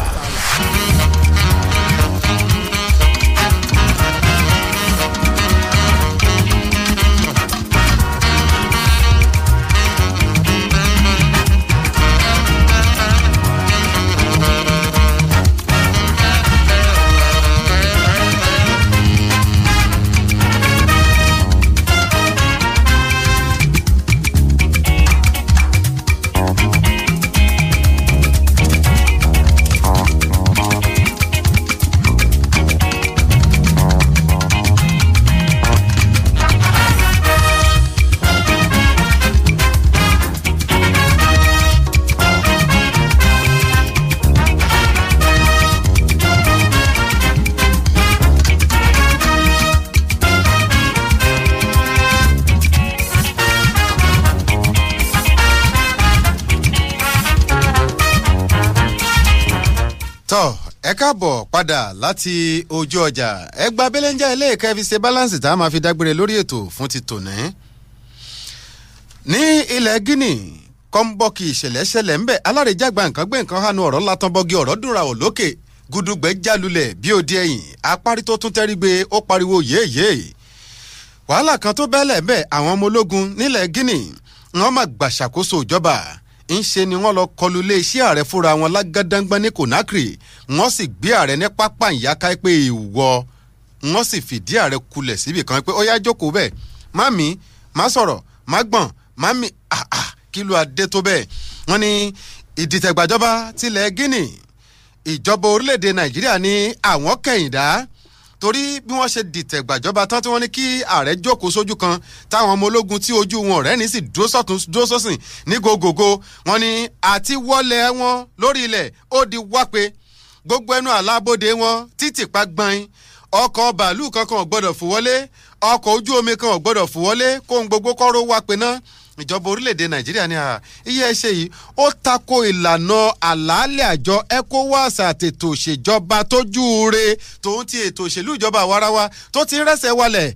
láti ojú ọjà ẹgbà belenja ilé ìkẹfì ṣe balance tá a máa fi dágbére lórí ètò fún ti tòní. ní ilẹ̀ guinea kọ́ńbọ́ọ̀kì ìṣẹ̀lẹ̀ ṣẹlẹ̀ ńbẹ̀ alárèéjàgbá nǹkan gbé nǹkan hánu ọ̀rọ̀ látọ́bọ́gi ọ̀rọ̀ dùnra ò lókè gudugbẹ jálulẹ̀ bí òde ẹ̀yìn apárí tó tún tẹ́rí gbé ó pariwo yéèyé wàhálà kan tó bẹ́lẹ̀ bẹ́ẹ̀ àwọn ọmọ ológun nílẹ̀ guinea wọ́n máa gbàṣàkóso ìjọba ń ṣe ni wọ́n lọ kọlu iléeṣẹ́ ààrẹ fúnra wọn lágádángbọ́n ní Conakry wọ́n sì gbé ààrẹ ní pápá ìyáká pé ìwọ wọ́n sì fìdí ààrẹ kulẹ̀ síbì kan pé ó yá jókòó bẹ́ẹ̀ má mi má sọ̀rọ̀ má gbọ̀n má mi àà ah, ah, kí ló adé tó bẹ́ẹ̀ wọ́n ní ìdìtẹ̀gbàjọba tilẹ̀ Guinea ìjọba orílẹ̀-èdè Nàìjíríà ní àwọn kẹ̀yìndà torí bí wọ́n ṣe dìtẹ̀ gbàjọba tán tí wọ́n ní kí ààrẹ jókòó sójú kan táwọn ọmọ ológun tí ojú wọn ọ̀rẹ́ ní sì dúró sọ́sìn ní gogogo wọ́n ní àti wọlé wọn lórí ilẹ̀ ó di wápé gbogbo ẹnu àlábòde wọn títì pa gbọ̀n ọkọ̀ bàálù kankan ò gbọ́dọ̀ fò wọlé ọkọ̀ ojú omi kan ò gbọ́dọ̀ fò wọlé kóhun gbogbo kọ́rọ́ wápé náà ìjọba orílẹ̀-èdè nàìjíríà ní ah, iye ẹṣẹ́ yìí ó tako ìlànà àlàálẹ̀ àjọ ecowas àtètò òṣèjọba tójú re tòun ti ètò òṣèlú ìjọba àwarawa tó ti ń rẹ́sẹ̀ walẹ̀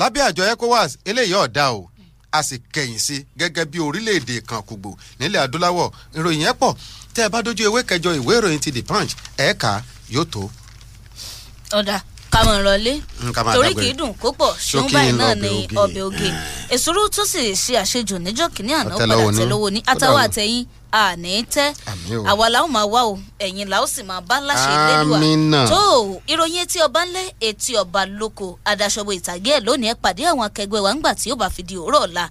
lábẹ́ àjọ ecowas eléyìí ọ̀dà o a sì kẹ̀yìn sí gẹ́gẹ́ bí orílẹ̀-èdè kan kùgbò nílẹ̀ adúláwọ̀ ìròyìn ẹ̀ pọ̀ tẹ́ ẹ bá dójú ewé kẹjọ ìwé ìròyìn ti the punch ẹ̀ka yóò tó. ọ̀dà kàmọ ìrọ̀lẹ́ torí kì í dùn kó pọ̀ ṣeun báyìí náà ni ọbẹ̀ oge èsúrú tó sì ṣe àṣejù níjọ́ kìíní àná padà tẹ̀ ní àtàwọn àtẹ̀yìn àní tẹ́ àwa la máa wá o ẹ̀yin la sì máa bá láṣẹ ìlédùá tó ìròyìn etí ọba ńlẹ̀ etí ọba lóko adaṣọ́bọ̀ ìtàgé ẹ̀ lónìí ẹ̀ pàdé àwọn akẹgbẹ́ wa ńgbà tí ó bá fi di òórọ̀ ọ̀la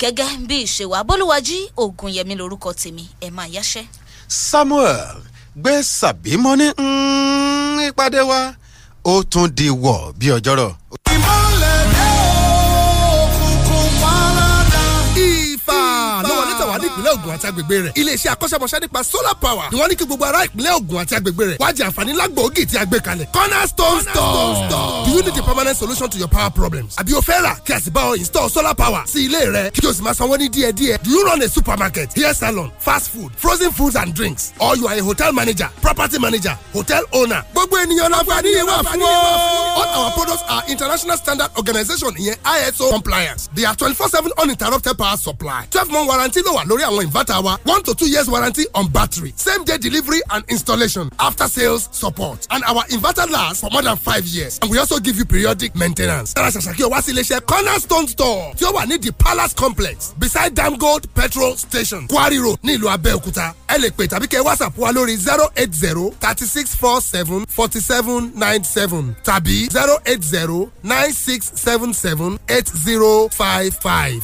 gẹ́gẹ́ bí ìṣèwà bólúwájí ògùnyẹmí lórúkọ tèmi ẹ̀ máa yáṣẹ́. samuel gbé sàbímọ ní mm, ìpàdé wa ó tún di wọ̀ bí ọjọ́rọ̀. ìmọ̀lẹ̀ ìpínlẹ̀ Ògùn àti agbègbè rẹ̀ iléeṣẹ́ akọ́ṣẹ́mọṣẹ́ nípa solar power ni wọ́n ní kí gbogbo ará ìpínlẹ̀ Ògùn àti agbègbè rẹ̀ wájà àǹfààní lágbóògì tí a gbé kalẹ̀ cornerstone store do you need a permanent solution to your power problems àbí o fẹ́ rà kí a sì bá ọ install solar power sí ilé rẹ kí o sì máa sanwó ní díẹ̀díẹ̀ do you run a supermarket hair salon fast food frozen foods and drinks or you are a hotel manager property manager hotel owner gbogbo ènìyàn láǹfààní yẹn wà fún ọ. all our products are international standard organization ìyẹn ISO compliance they are twenty four seven uninterrupted power supply twelve month warranty ló wà lórí lórí àwọn inverter wa one to two years warranty on battery same day delivery and installation after sales support and our inverter lasts for more than five years and we also give you periodic maintenance. Tẹ́lá ṣàṣàkí ọwá sí cornerstone store tí ó wà ní the palace complex beside Gold petrol station quarry road ní ìlú Abẹ́òkúta ẹ lè pè tàbí kẹ́ whatsapp wa lórí zero eight zero thirty six four seven forty seven nine seven tàbí zero eight zero nine six seven seven eight zero five five.